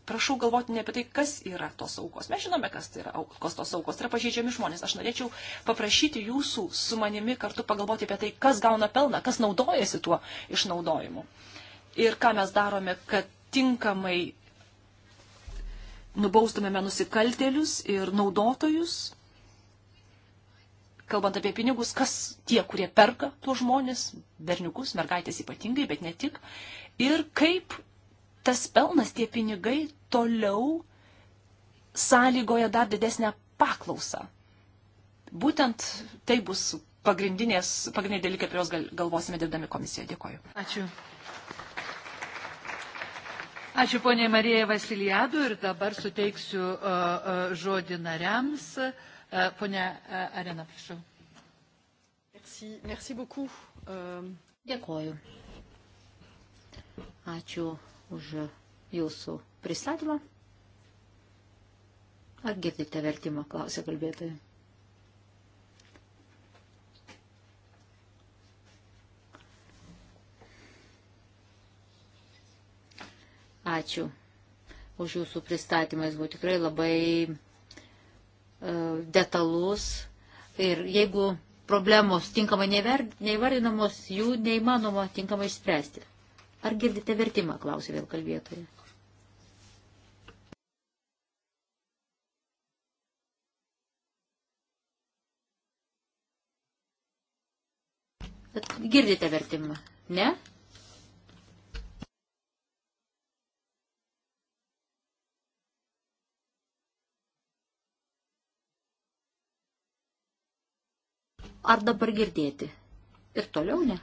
Prašau galvoti ne apie tai, kas yra tos aukos. Mes žinome, kas tai yra, kas tos aukos tai yra pažeidžiami žmonės. Aš norėčiau paprašyti jūsų su manimi kartu pagalvoti apie tai, kas gauna pelną, kas naudojasi tuo išnaudojimu. Ir ką mes darome, kad tinkamai nubaustumėme nusikaltėlius ir naudotojus kalbant apie pinigus, kas tie, kurie perka tuos žmonės, berniukus, mergaitės ypatingai, bet ne tik, ir kaip tas pelnas, tie pinigai toliau sąlygoja dar didesnę paklausą. Būtent tai bus pagrindinės, pagrindiniai dalykai, apie juos galvosime dirbdami komisijoje. Dėkoju. Ačiū. Ačiū poniai Marijai Vasilijadu ir dabar suteiksiu uh, uh, žodį nariams. Uh, Euh, Pone euh, Arena, prašau. Merci, merci beaucoup. Euh, Dėkoju. Ačiū už jūsų pristatymą. Ar girdite vertimą, klausė kalbėtojai. Ačiū už jūsų pristatymą. Jis buvo tikrai labai E, detalus ir jeigu problemos tinkamai neįvardinamos, jų neįmanoma tinkamai išspręsti. Ar girdite vertimą, klausė vėl kalbėtoje. Girdite vertimą? Ne? Ar dabar girdėti? Ir toliau ne?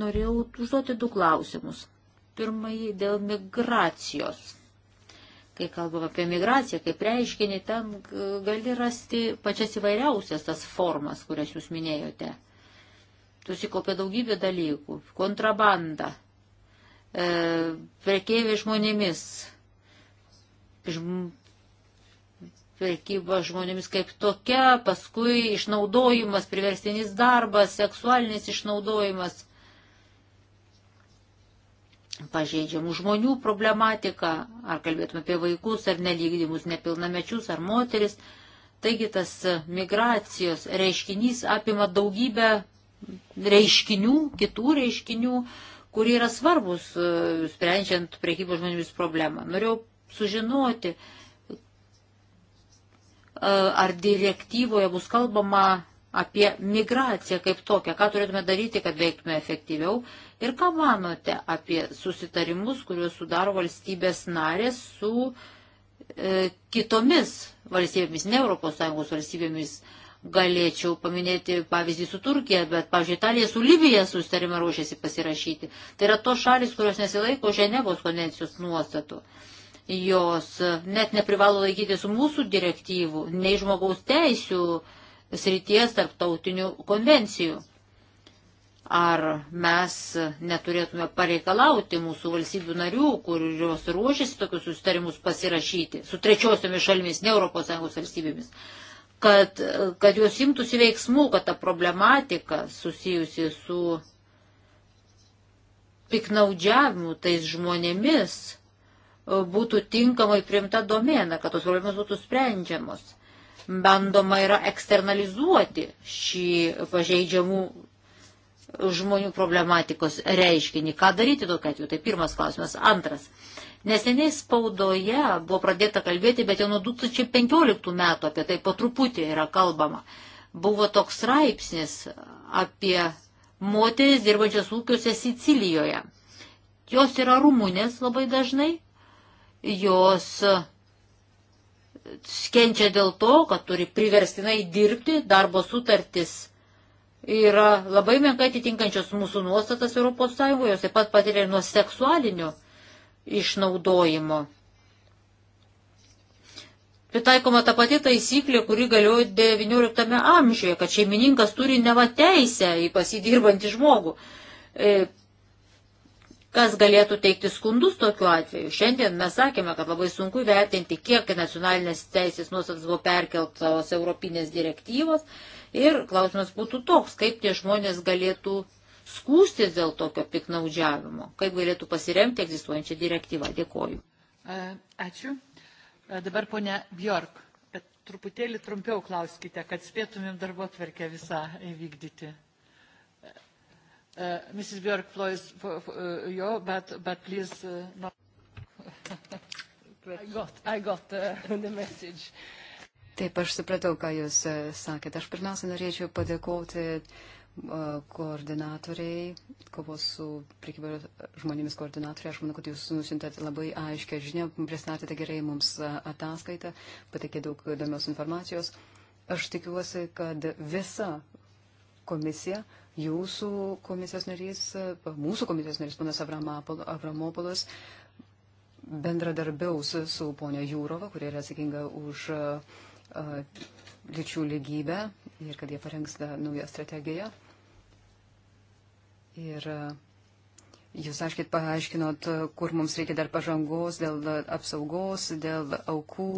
Norėjau užduoti du klausimus. Pirmąjį dėl migracijos. Kai kalbam apie migraciją, kaip reiškinį, ten gali rasti pačias įvairiausias tas formas, kurias jūs minėjote. Susikopė daugybė dalykų. Kontrabanda, e, prekeiviai žmonėmis, žm prekyba žmonėmis kaip tokia, paskui išnaudojimas, priverstinis darbas, seksualinis išnaudojimas, pažeidžiamų žmonių problematika, ar kalbėtume apie vaikus, ar nelygdymus nepilnamečius, ar moteris. Taigi tas migracijos reiškinys apima daugybę reiškinių, kitų reiškinių, kurie yra svarbus, e, sprendžiant priekybos žmonėmis problemą. Norėjau sužinoti, uh, E, ar direktyvoje bus kalbama apie migraciją kaip tokią, ką turėtume daryti, kad veiktume efektyviau ir ką manote apie susitarimus, kuriuos sudaro valstybės narės su e, kitomis valstybėmis, ne ES valstybėmis. Galėčiau paminėti pavyzdį su Turkija, bet, pavyzdžiui, Italija su Libija susitarimą ruošiasi pasirašyti. Tai yra tos šalis, kurios nesilaiko Ženevos konvencijos nuostatų. E, jos net neprivalo laikytis mūsų direktyvų, nei žmogaus teisių srities tarptautinių konvencijų. Ar mes neturėtume pareikalauti mūsų valstybių narių, kurios ruošiasi tokius sustarimus pasirašyti su trečiosiomis šalimis, ne ES valstybėmis, kad, kad jos imtųsi veiksmų, kad ta problematika susijusi su piknaudžiavimu tais žmonėmis būtų tinkamai primta domena, kad tos problemos būtų sprendžiamos. Bandoma yra eksternalizuoti šį pažeidžiamų žmonių problematikos reiškinį. Ką daryti tokiu atveju? Tai pirmas klausimas. Antras. Neseniai spaudoje buvo pradėta kalbėti, bet jau nuo 2015 metų apie tai po truputį yra kalbama. Buvo toks straipsnis apie moteris dirbančias ūkiuose Sicilijoje. Jos yra rumunės labai dažnai jos skenčia dėl to, kad turi priverstinai dirbti, darbo sutartis yra labai menkai atitinkančios mūsų nuostatas ES, jos taip pat patiria nuo seksualinio išnaudojimo. Pritaikoma ta pati taisyklė, kuri galiojo XIX amžiuje, kad šeimininkas turi neva teisę į pasidirbantį žmogų. E, Kas galėtų teikti skundus tokiu atveju? Šiandien mes sakėme, kad labai sunku vertinti, kiek nacionalinės teisės nuostatas buvo perkeltos Europinės direktyvos. Ir klausimas būtų toks, kaip tie žmonės galėtų skūstis dėl tokio piknaudžiavimo, kaip galėtų pasiremti egzistuojančią direktyvą. Dėkoju. E, ačiū. E, dabar ponia Bjork, bet truputėlį trumpiau klauskite, kad spėtumėm darbo tvarkę visą įvykdyti. Uh, Mrs. Björk, floor is for, for uh, you, but, but please uh, not. I got, I got uh, the message. Taip, aš supratau, ką Jūs uh, sakėte. Aš pirmiausia norėčiau padėkoti uh, koordinatoriai, kovos su prekyba žmonėmis koordinatoriai. Aš manau, kad Jūs nusintėte labai aiškę žinią, pristatėte gerai mums uh, ataskaitą, pateikė daug įdomios informacijos. Aš tikiuosi, kad visa komisija uh, jūsų komisijos narys, mūsų komisijos narys, ponas Avramopolas, bendradarbiaus su ponia Jūrova, kuri yra atsakinga už lyčių lygybę ir kad jie parengs naują strategiją. Ir Jūs, aiškiai, paaiškinot, kur mums reikia dar pažangos dėl apsaugos, dėl aukų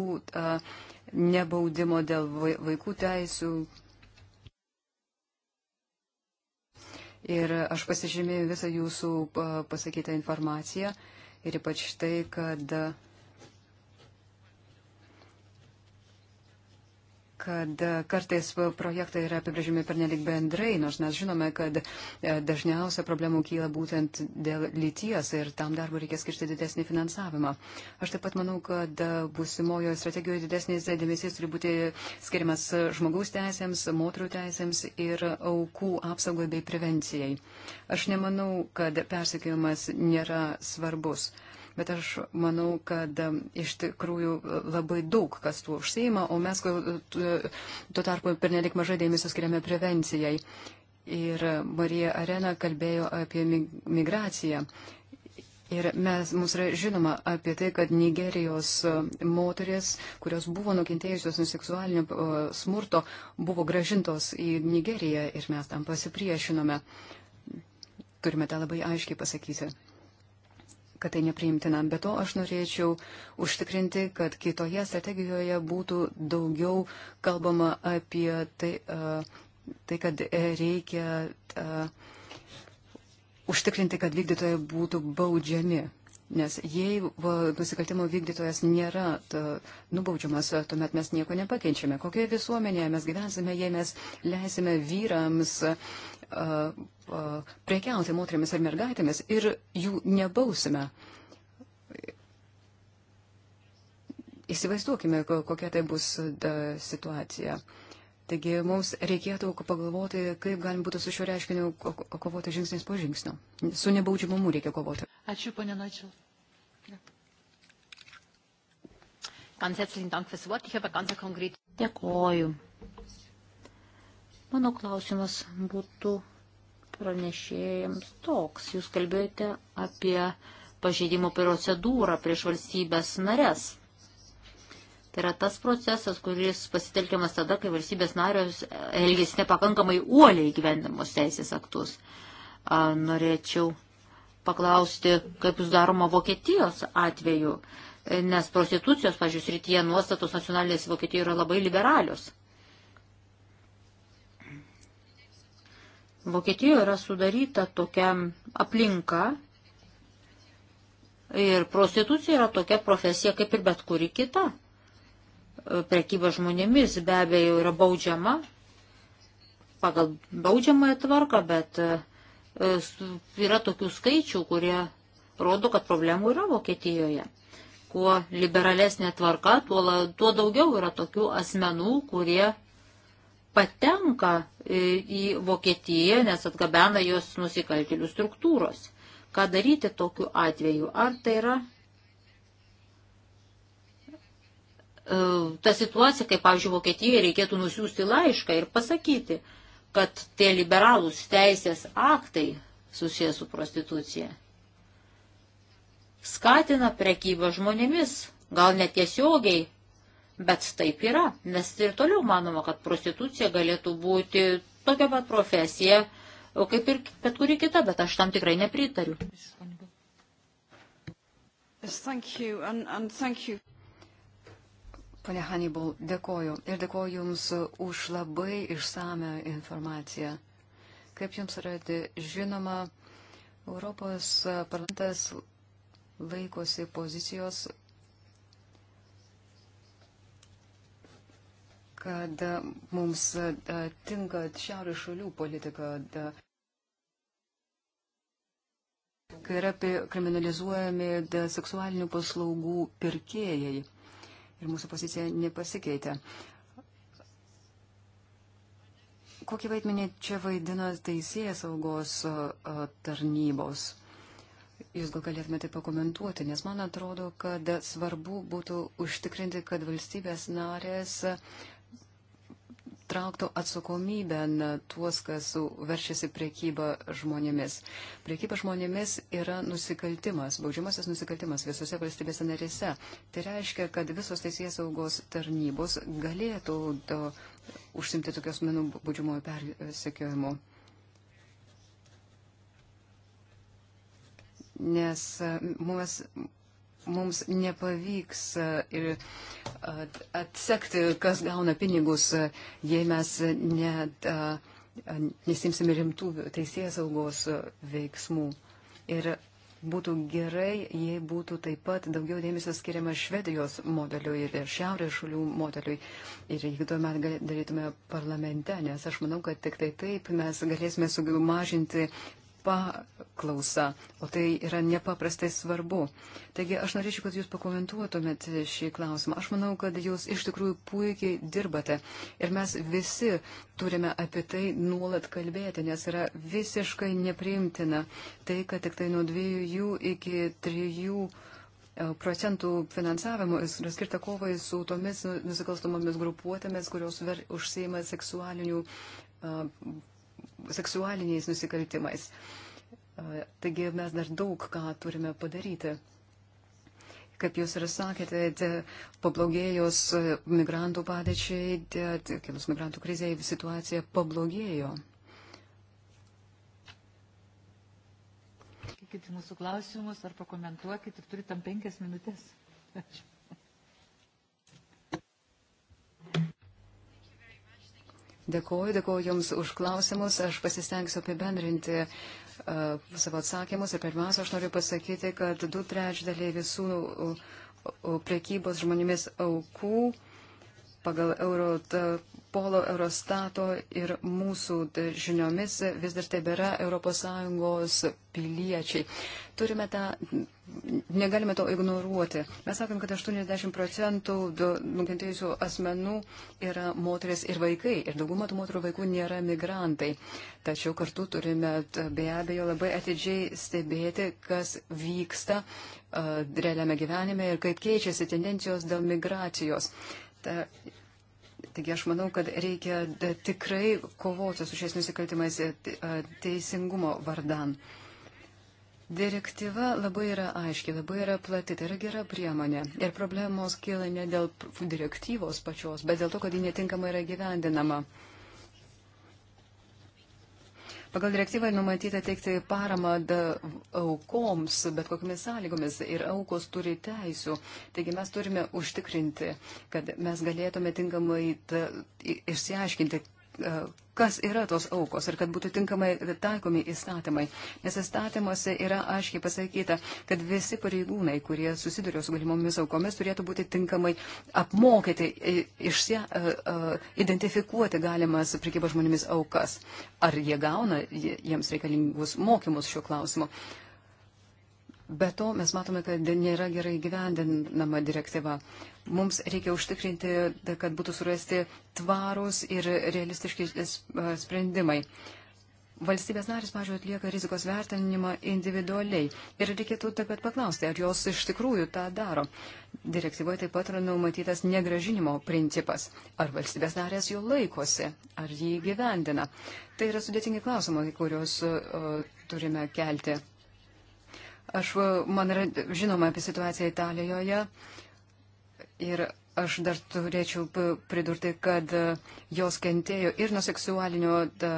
nebaudimo, dėl vaikų teisų Ir aš pasižymėjau visą jūsų pasakytą informaciją ir ypač tai, kad kad kartais projektai yra apibrėžimi per nelik bendrai, nors mes žinome, kad e, dažniausia problemų kyla būtent dėl lyties ir tam darbui reikės skirti didesnį finansavimą. Aš taip pat manau, kad e, busimojo strategijoje didesnis dėmesys turi būti skiriamas žmogaus teisėms, moterų teisėms ir aukų apsaugai bei prevencijai. Aš nemanau, kad persikėjimas nėra svarbus bet aš manau, kad um, iš tikrųjų uh, labai daug kas tuo užseima, o mes tuo tarpu pernelik mažai dėmesio skiriame prevencijai. Ir Marija Arena kalbėjo apie migraciją. Ir mes, mums yra žinoma apie tai, kad Nigerijos uh, moteris, kurios buvo nukentėjusios nuo seksualinio uh, smurto, buvo gražintos į Nigeriją ir mes tam pasipriešinome. Turime tą labai aiškiai pasakyti kad tai nepriimtina. Be to aš norėčiau užtikrinti, kad kitoje strategijoje būtų daugiau kalbama apie tai, e, tai kad reikia e, užtikrinti, kad vykdytojai būtų baudžiami. Nes jei nusikaltimo vykdytojas nėra nubaudžiamas, tuomet mes nieko nepakenčiame. Kokioje visuomenėje mes gyvensime, jei mes leisime vyrams uh, uh, prekiauti moteriamis ar mergaitėmis ir jų nebausime. Įsivaizduokime, kokia tai bus situacija. Uh, Taigi mums reikėtų pagalvoti, kaip galim būtų su šiuo reiškiniu kovoti žingsnis po žingsnio. Su nebaudžiamumu reikia kovoti. Ačiū, ponė Nočil. Dėkoju. Mano klausimas būtų pranešėjams toks. Jūs kalbėjote apie pažeidimo procedūrą prieš valstybės narės. Tai yra tas procesas, kuris pasitelkiamas tada, kai valstybės narios elgesi nepakankamai uoliai gyvendamos teisės aktus. A, norėčiau paklausti, kaip jūs daroma Vokietijos atveju, nes prostitucijos, pažiūrėjus, rytyje nuostatos nacionalinės Vokietijoje yra labai liberalios. Vokietijoje yra sudaryta tokia aplinka ir prostitucija yra tokia profesija kaip ir bet kuri kita prekyba žmonėmis be abejo yra baudžiama pagal baudžiamąją tvarką, bet e, yra tokių skaičių, kurie rodo, kad problemų yra Vokietijoje. Kuo liberalesnė tvarka, tuo, tuo daugiau yra tokių asmenų, kurie patenka e, į Vokietiją, nes atgabena jos nusikaltėlių struktūros. Ką daryti tokiu atveju? Ar tai yra E, ta situacija, kaip, pavyzdžiui, Vokietijoje reikėtų nusiųsti laišką ir pasakyti, kad tie liberalūs teisės aktai susijęs su prostitucija skatina prekybą žmonėmis, gal netiesiogiai, bet taip yra, nes ir toliau manoma, kad prostitucija galėtų būti tokia pat profesija, kaip ir bet kuri kita, bet aš tam tikrai nepritariu. Yes, Pane Hannibal, dėkoju. Ir dėkoju Jums už labai išsame informaciją. Kaip Jums yra žinoma, Europos parlamentas laikosi pozicijos, kad mums tinka šiaurės šalių politika, kai yra kriminalizuojami seksualinių paslaugų pirkėjai ir mūsų pozicija nepasikeitė. Kokį vaidmenį čia vaidina teisėjas saugos tarnybos? Jūs gal galėtumėte pakomentuoti, nes man atrodo, kad svarbu būtų užtikrinti, kad valstybės narės uh, trauktų atsakomybę tuos, kas veršiasi priekybą žmonėmis. Priekyba žmonėmis yra nusikaltimas, baudžiamasis nusikaltimas visose valstybėse narėse. Tai reiškia, kad visos teisės saugos tarnybos galėtų to, užsimti tokios menų baudžiamojo persekiojimu. Nes mums mums nepavyks e, e, atsekti, kas gauna pinigus, e, jei mes net, nesimsime rimtų teisės saugos veiksmų. Ir būtų gerai, jei būtų taip pat daugiau dėmesio skiriama Švedijos modeliui ir šiaurės šalių modeliui. Ir jeigu tuomet darytume parlamente, nes aš manau, kad tik tai taip mes galėsime sumažinti paklausą, o tai yra nepaprastai svarbu. Taigi aš norėčiau, kad jūs pakomentuotumėt šį klausimą. Aš manau, kad jūs iš tikrųjų puikiai dirbate ir mes visi turime apie tai nuolat kalbėti, nes yra visiškai nepriimtina tai, kad tik tai nuo dviejų iki trijų e, procentų finansavimo yra skirta kovai su tomis nusikalstamomis grupuotėmis, kurios ver, užsieima seksualinių uh, e, seksualiniais nusikaltimais. Taigi mes dar daug ką turime padaryti. Kaip jūs ir sakėte, pablogėjus e, migrantų padėčiai, kilus migrantų krizėje, situacija pablogėjo. Kiti mūsų klausimus ar pakomentuokit ir turitam penkias minutės. Ačiū. Dėkuoju, dėkuoju Jums už klausimus. Aš pasistengsiu apibendrinti uh, savo atsakymus. Ir pirmiausia, aš noriu pasakyti, kad du trečdaliai visų uh, e, uh, priekybos žmonėmis aukų pagal Euro Europolo, Eurostato ir mūsų žiniomis vis dar tebėra ES piliečiai. Turime tą, negalime to ignoruoti. Mes sakom, kad 80 procentų nukentėjusių asmenų yra moteris ir vaikai, ir dauguma tų moterų vaikų nėra migrantai. Tačiau kartu turime be abejo labai atidžiai stebėti, kas vyksta uh, realiame gyvenime ir kaip keičiasi tendencijos dėl migracijos. Ta, Taigi aš manau, kad reikia e, tikrai kovoti su šiais nusikaltimais e, e, teisingumo vardan. Direktyva labai yra aiški, labai yra plati, tai yra gera priemonė. Ir problemos kyla ne dėl direktyvos pačios, bet dėl to, kad ji netinkamai yra gyvendinama. Pagal direktyvą numatyta teikti paramą aukoms, bet kokiamis sąlygomis ir aukos turi teisų. Taigi mes turime užtikrinti, kad mes galėtume tinkamai išsiaiškinti, E, kas yra tos aukos ir kad būtų tinkamai taikomi įstatymai. Nes įstatymuose yra aiškiai pasakyta, kad visi pareigūnai, kurie susiduria su galimomis aukomis, turėtų būti tinkamai apmokyti, išsia, e, e, identifikuoti galimas prikybos žmonėmis aukas. Ar jie gauna jiems reikalingus mokymus šiuo klausimu. Be to, mes matome, kad nėra gerai gyvendinama direktyva. Mums reikia užtikrinti, kad būtų surasti tvarūs ir realistiški sprendimai. Valstybės narys, pažiūrėjau, atlieka rizikos vertinimą individualiai. Ir reikėtų taip pat paklausti, ar jos iš tikrųjų tą daro. Direktyvoje taip pat yra numatytas negražinimo principas. Ar valstybės narės jo laikosi, ar jį gyvendina. Tai yra sudėtingi klausimai, kuriuos uh, turime kelti. Aš, man yra žinoma apie situaciją Italijoje ir aš dar turėčiau pridurti, kad e, jos kentėjo ir nuo seksualinio da,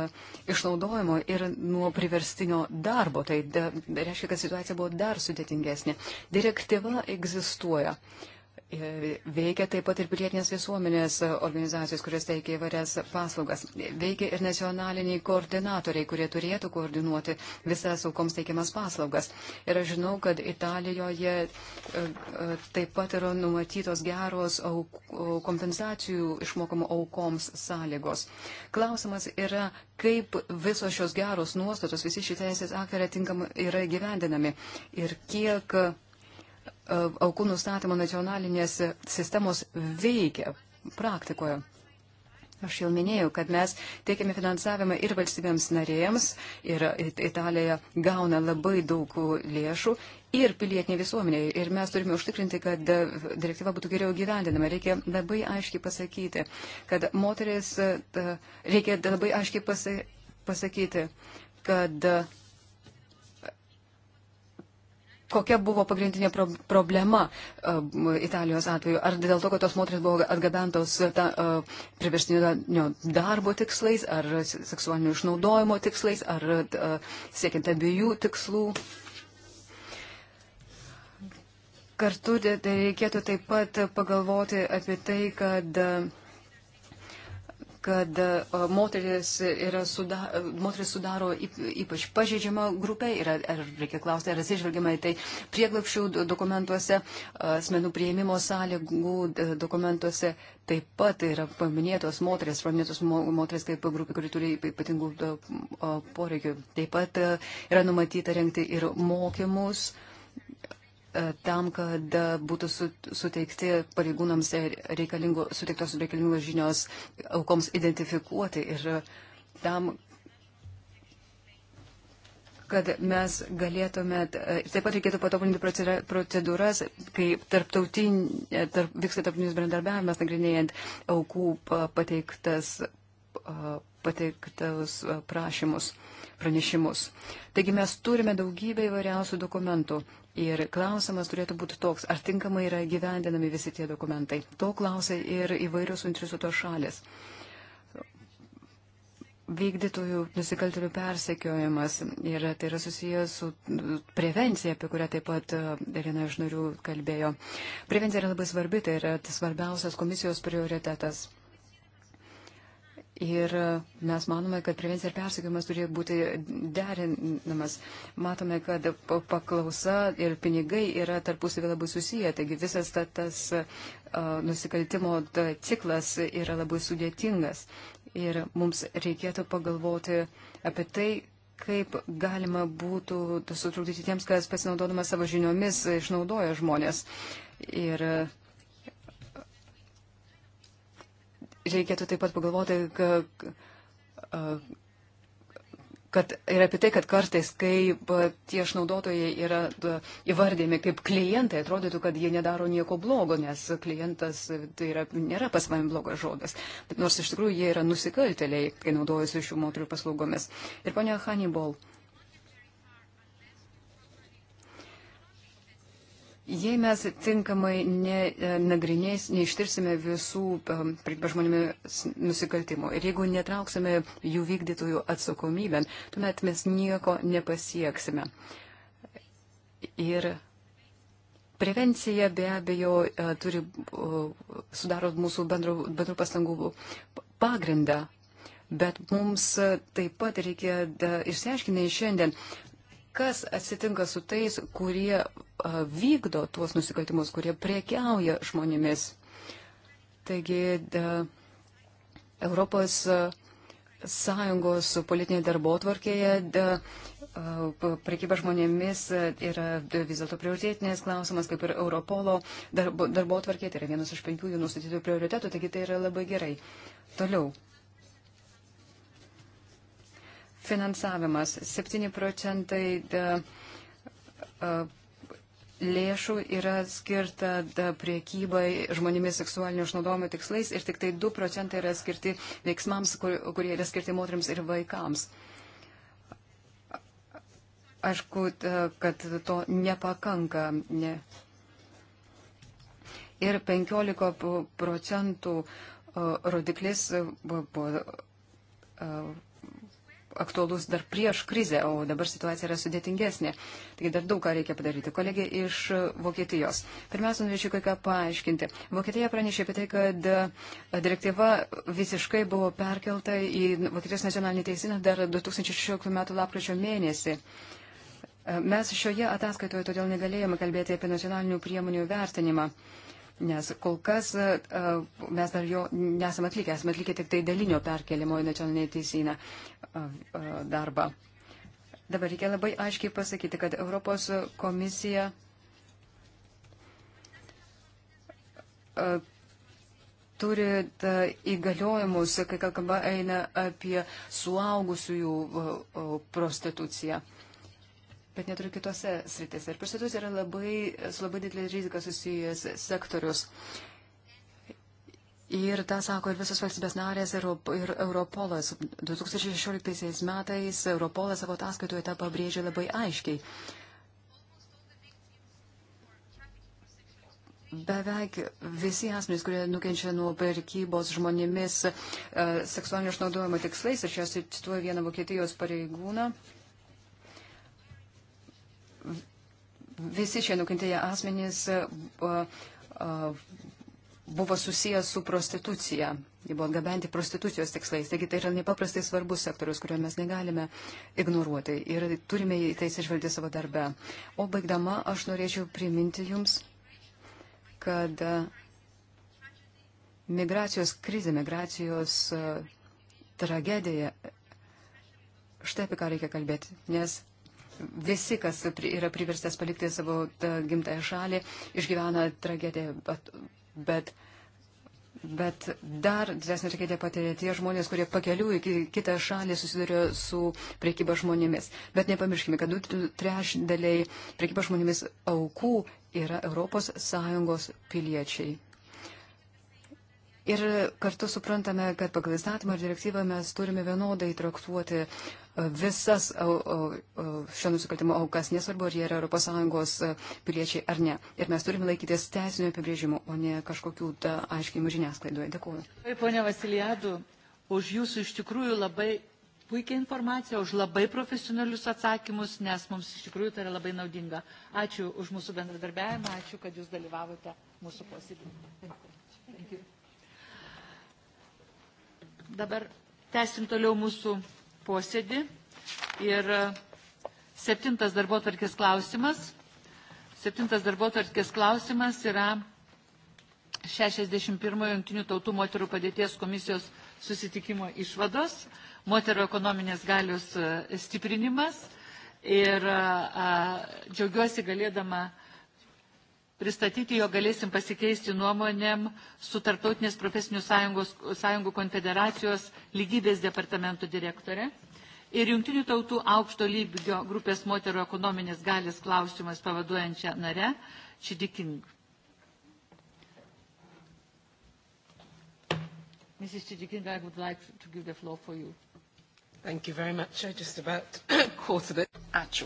išnaudojimo, ir nuo priverstinio darbo. Tai da, reiškia, kad situacija buvo dar sudėtingesnė. Direktyva egzistuoja. Uh, E, veikia taip pat ir pilietinės visuomenės organizacijos, kurios teikia įvairias paslaugas. Veikia ir nacionaliniai koordinatoriai, kurie turėtų koordinuoti visas aukoms teikiamas paslaugas. Ir aš žinau, kad Italijoje e, e, taip pat yra numatytos geros kompensacijų išmokamų aukoms sąlygos. Klausimas yra, kaip visos šios geros nuostatos, visi šitie teisės aktai yra, yra gyvendinami ir kiek aukų nustatymo nacionalinės sistemos veikia praktikoje. Aš jau minėjau, kad mes teikiame finansavimą ir valstybėms narėjams, ir Italija gauna labai daug lėšų, ir pilietinė visuomenė. Ir mes turime užtikrinti, kad direktyva būtų geriau gyvendinama. Reikia labai aiškiai pasakyti, kad moteris, reikia labai aiškiai pasakyti, kad kokia buvo pagrindinė pro problema uh, Italijos atveju? Ar dėl to, kad tos moteris buvo atgabentos ta, uh, priverstinio darbo tikslais, ar seksualinio išnaudojimo tikslais, ar uh, siekiant abiejų tikslų? Kartu reikėtų taip pat pagalvoti apie tai, kad uh, kad e, moteris, suda, moteris sudaro ypač pažeidžiamą grupę ir ar reikia klausti, ar atsižvelgiama į tai prieglapšių dokumentuose, e, asmenų prieimimo sąlygų dokumentuose. Taip pat yra paminėtos moteris, paminėtos moteris kaip grupė, kuri turi ypatingų e, poreikių. Taip pat yra numatyta rengti ir mokymus. Uh, E, tam, kad būtų suteikti pareigūnams reikalingo, suteiktos reikalingos žinios aukoms identifikuoti ir tam, kad mes galėtume, e, taip pat reikėtų patobulinti procedūras, kai tarptautin, e, tarp, vyksta tarptautinis bendradarbiavimas, nagrinėjant aukų pateiktas, pateiktas prašymus pranešimus. Taigi mes turime daugybę įvairiausių dokumentų. Ir klausimas turėtų būti toks, ar tinkamai yra gyvendinami visi tie dokumentai. To klausia ir įvairios suinteresuotos šalis. Vykdytojų nusikaltelių persekiojimas ir tai yra susijęs su prevencija, apie kurią taip pat viena e, iš narių kalbėjo. Prevencija yra labai svarbi, tai yra svarbiausias komisijos prioritetas. Ir mes manome, kad prevencija ir persikėjimas turi būti derinamas. Matome, kad paklausa ir pinigai yra tarpusavį labai susiję, taigi visas ta, tas uh, nusikaltimo ta, ciklas yra labai sudėtingas. Ir mums reikėtų pagalvoti apie tai, kaip galima būtų sutrukdyti tiems, kas pasinaudodamas savo žiniomis išnaudoja žmonės. Ir uh, reikėtų taip pat pagalvoti, kad, kad ir apie tai, kad kartais, kai tie išnaudotojai yra įvardėmi kaip klientai, atrodytų, kad jie nedaro nieko blogo, nes klientas tai yra, nėra pas mane blogas žodis. Nors iš tikrųjų jie yra nusikalteliai, kai naudojasi šių moterių paslaugomis. Ir ponia Hannibal. Jei mes tinkamai nenagrinės, e, neištirsime visų e, žmonėmis nusikaltimų ir jeigu netrauksime jų vykdytojų atsakomybę, tuomet mes nieko nepasieksime. Ir prevencija be abejo e, turi, sudaro mūsų bendrų, bendrų pastangų pagrindą, bet mums taip pat reikia išsiaiškinti šiandien, kas atsitinka su tais, kurie vykdo tuos nusikaltimus, kurie priekiauja žmonėmis. Taigi da, Europos Sąjungos politinėje darbo tvarkėje prekyba žmonėmis yra vis dėlto prioritetinės klausimas, kaip ir Europolo darbo, darbo tvarkė, tai yra vienas iš penkių jų nustatytų prioritetų, taigi tai yra labai gerai. Toliau finansavimas. 7 procentai lėšų yra skirta priekybai žmonėmis seksualinio išnaudojimo tikslais ir tik tai 2 procentai yra skirti veiksmams, kur, kurie yra skirti moteriams ir vaikams. Aišku, kad to nepakanka. Ne. Ir 15 procentų rodiklis buvo aktualus dar prieš krizę, o dabar situacija yra sudėtingesnė. Taigi dar daug ką reikia padaryti. Kolegė iš Vokietijos. Pirmiausia, norėčiau kai ką paaiškinti. Vokietija pranešė apie tai, kad e, direktyva visiškai buvo perkelta į Vokietijos nacionalinį teisiną dar 2016 m. lapkričio mėnesį. E, mes šioje ataskaitoje todėl negalėjome kalbėti apie nacionalinių priemonių vertinimą nes kol kas e, e, mes dar jo nesame atlikę, esame atlikę tik tai dalinio perkelimo į nacionalinį teisyną e, darbą. Dabar reikia labai aiškiai pasakyti, kad Europos komisija turi įgaliojimus, kai kalba eina apie suaugusiųjų prostituciją bet neturi kitose sritise. Ir prostitucija yra labai, su labai didelė rizika susijęs sektorius. Ir tą sako ir visos valstybės narės ir, ir Europolas. 2016 metais Europolas savo ataskaitoje tą pabrėžė labai aiškiai. Beveik visi asmenys, kurie nukenčia nuo perkybos žmonėmis e, seksualinio išnaudojimo tikslais, aš čia cituoju vieną Vokietijos pareigūną, visi šie nukentėję asmenys e, e, buvo susijęs su prostitucija. Jie buvo gabenti prostitucijos tikslais. Taigi tai yra nepaprastai svarbus sektorius, kurio mes negalime ignoruoti ir turime į tai atsižvelgti savo darbę. O baigdama aš norėčiau priminti Jums, kad e, migracijos krizė, migracijos tragedija, štai apie ką reikia kalbėti, nes visi, kas yra priverstas palikti savo e, gimtąją šalį, išgyvena tragediją, bet, bet, bet dar didesnė tragedija patiria tie žmonės, kurie pakeliu į kitą šalį susiduria su priekyba žmonėmis. Bet nepamirškime, kad du trešdaliai priekyba žmonėmis aukų yra ES piliečiai. Ir kartu suprantame, kad pagal įstatymą ir direktyvą mes turime vienodai traktuoti uh, visas šio nusikaltimo aukas, nesvarbu, ar jie yra ES e, piliečiai ar ne. Ir mes turime laikytis teisinio apibrėžimo, o ne kažkokių aiškinimų žiniasklaidoje. Dėkuoju. Pone Vasilijadu, už jūsų iš tikrųjų labai puikia informacija, už labai profesionalius atsakymus, nes mums iš tikrųjų tai yra labai naudinga. Ačiū už mūsų bendradarbiavimą, ačiū, kad jūs dalyvavote mūsų posėdėje. Dabar tęsim toliau mūsų posėdį. Ir e, septintas darbo tvarkės klausimas. Septintas darbo tvarkės klausimas yra 61 Junktinių tautų moterų padėties komisijos susitikimo išvados, moterų ekonominės galios e, stiprinimas. Ir a, e, džiaugiuosi galėdama a, pristatyti, jo galėsim pasikeisti nuomonėm su Tartautinės profesinių sąjungos, sąjungų konfederacijos lygybės departamento direktore. Ir Junktinių tautų aukšto lygio grupės moterų ekonominės galės klausimas pavaduojančią narę Čidiking. Mrs. Chidiking, I would like to give the floor for you. Thank you very much. I just about caught a bit. Ačiū.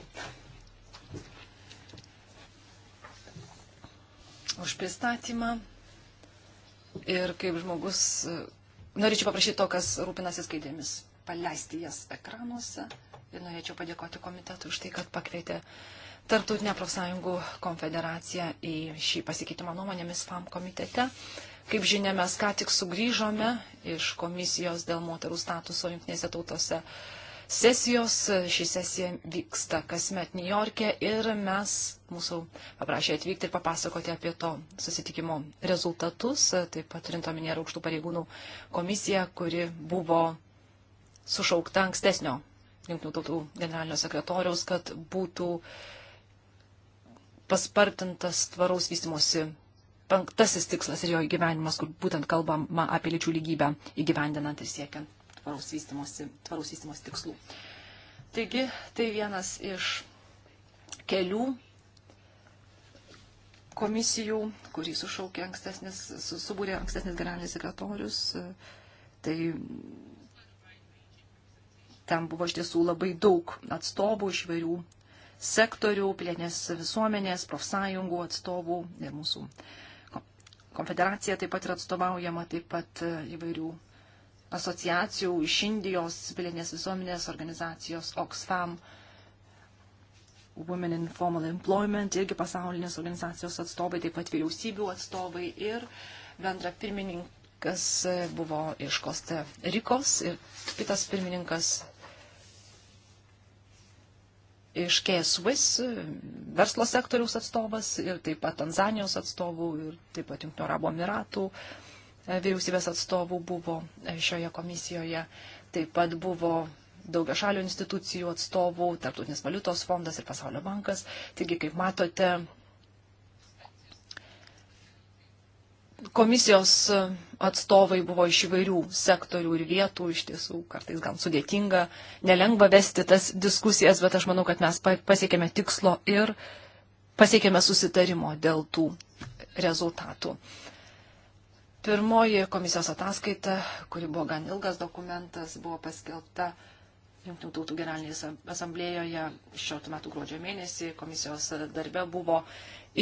už pristatymą. Ir kaip žmogus, norėčiau paprašyti to, kas rūpinasi skaidėmis, paleisti jas ekranuose. Ir norėčiau padėkoti komitetui už tai, kad pakvietė Tartutinę profsąjungų konfederaciją į šį pasikeitimą nuomonėmis FAM komitete. Kaip žinia, mes ką tik sugrįžome iš komisijos dėl moterų statuso jungtinėse tautose sesijos. Ši sesija vyksta kasmet New York'e ir mes mūsų paprašė atvykti ir papasakoti apie to susitikimo rezultatus. Taip pat turintominė yra aukštų pareigūnų komisija, kuri buvo sušaukta ankstesnio Junktinių tautų generalinio sekretoriaus, kad būtų paspartintas tvaraus vystimosi penktasis tikslas ir jo įgyvenimas, kur būtent kalbama apie lyčių lygybę įgyvendinant ir siekiant tvaraus vystimos tikslų. Taigi, tai vienas iš kelių komisijų, kurį sušaukė ankstesnis, subūrė ankstesnis generalinis sekretorius. Tai ten buvo iš tiesų labai daug atstovų iš įvairių sektorių, plėnės visuomenės, profsąjungų atstovų ir mūsų konfederacija taip pat yra atstovaujama, taip pat e, įvairių asociacijų iš Indijos, civilinės visuomenės organizacijos Oxfam, Women in Formal Employment, irgi pasaulinės organizacijos atstovai, taip pat vyriausybių atstovai ir bendra pirmininkas buvo iš Koste Rikos ir kitas pirmininkas iš KSWIS, verslo sektoriaus atstovas ir taip pat Tanzanijos atstovų ir taip pat Junktinio Arabo Emiratų E, vyriausybės atstovų buvo e, šioje komisijoje. Taip pat buvo daugia šalių institucijų atstovų, Tartutinis valiutos fondas ir Pasaulio bankas. Taigi, kaip matote, komisijos e, atstovai buvo iš įvairių sektorių ir vietų, iš tiesų kartais gan sudėtinga, nelengva vesti tas diskusijas, bet aš manau, kad mes pasiekėme tikslo ir pasiekėme susitarimo dėl tų rezultatų. Pirmoji komisijos ataskaita, kuri buvo gan ilgas dokumentas, buvo paskelbta Junktinių tautų generalinėje asamblėjoje šio metų gruodžio mėnesį. Komisijos darbe buvo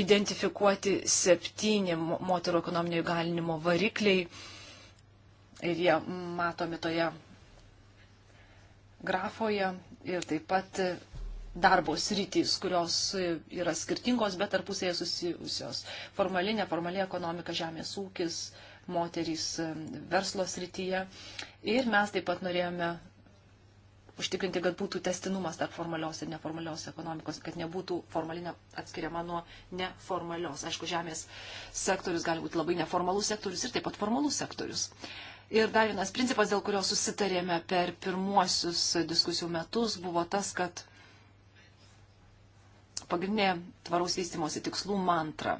identifikuoti septyni moterų ekonominio įgalinimo varikliai ir jie matomi toje grafoje ir taip pat darbo sritys, kurios yra skirtingos, bet tarpusėje susijusios. Formali, neformali ekonomika, žemės ūkis, uh, moterys verslo srityje. Ir mes taip pat norėjome užtikrinti, kad būtų testinumas tarp formalios ir neformalios ekonomikos, kad nebūtų formalinė atskiriama nuo neformalios. Aišku, žemės sektorius gali būti labai neformalus sektorius ir taip pat formalus sektorius. Ir dar vienas principas, dėl kurio susitarėme per pirmuosius diskusijų metus, buvo tas, kad pagrindinė tvaraus vystimosi tikslų mantra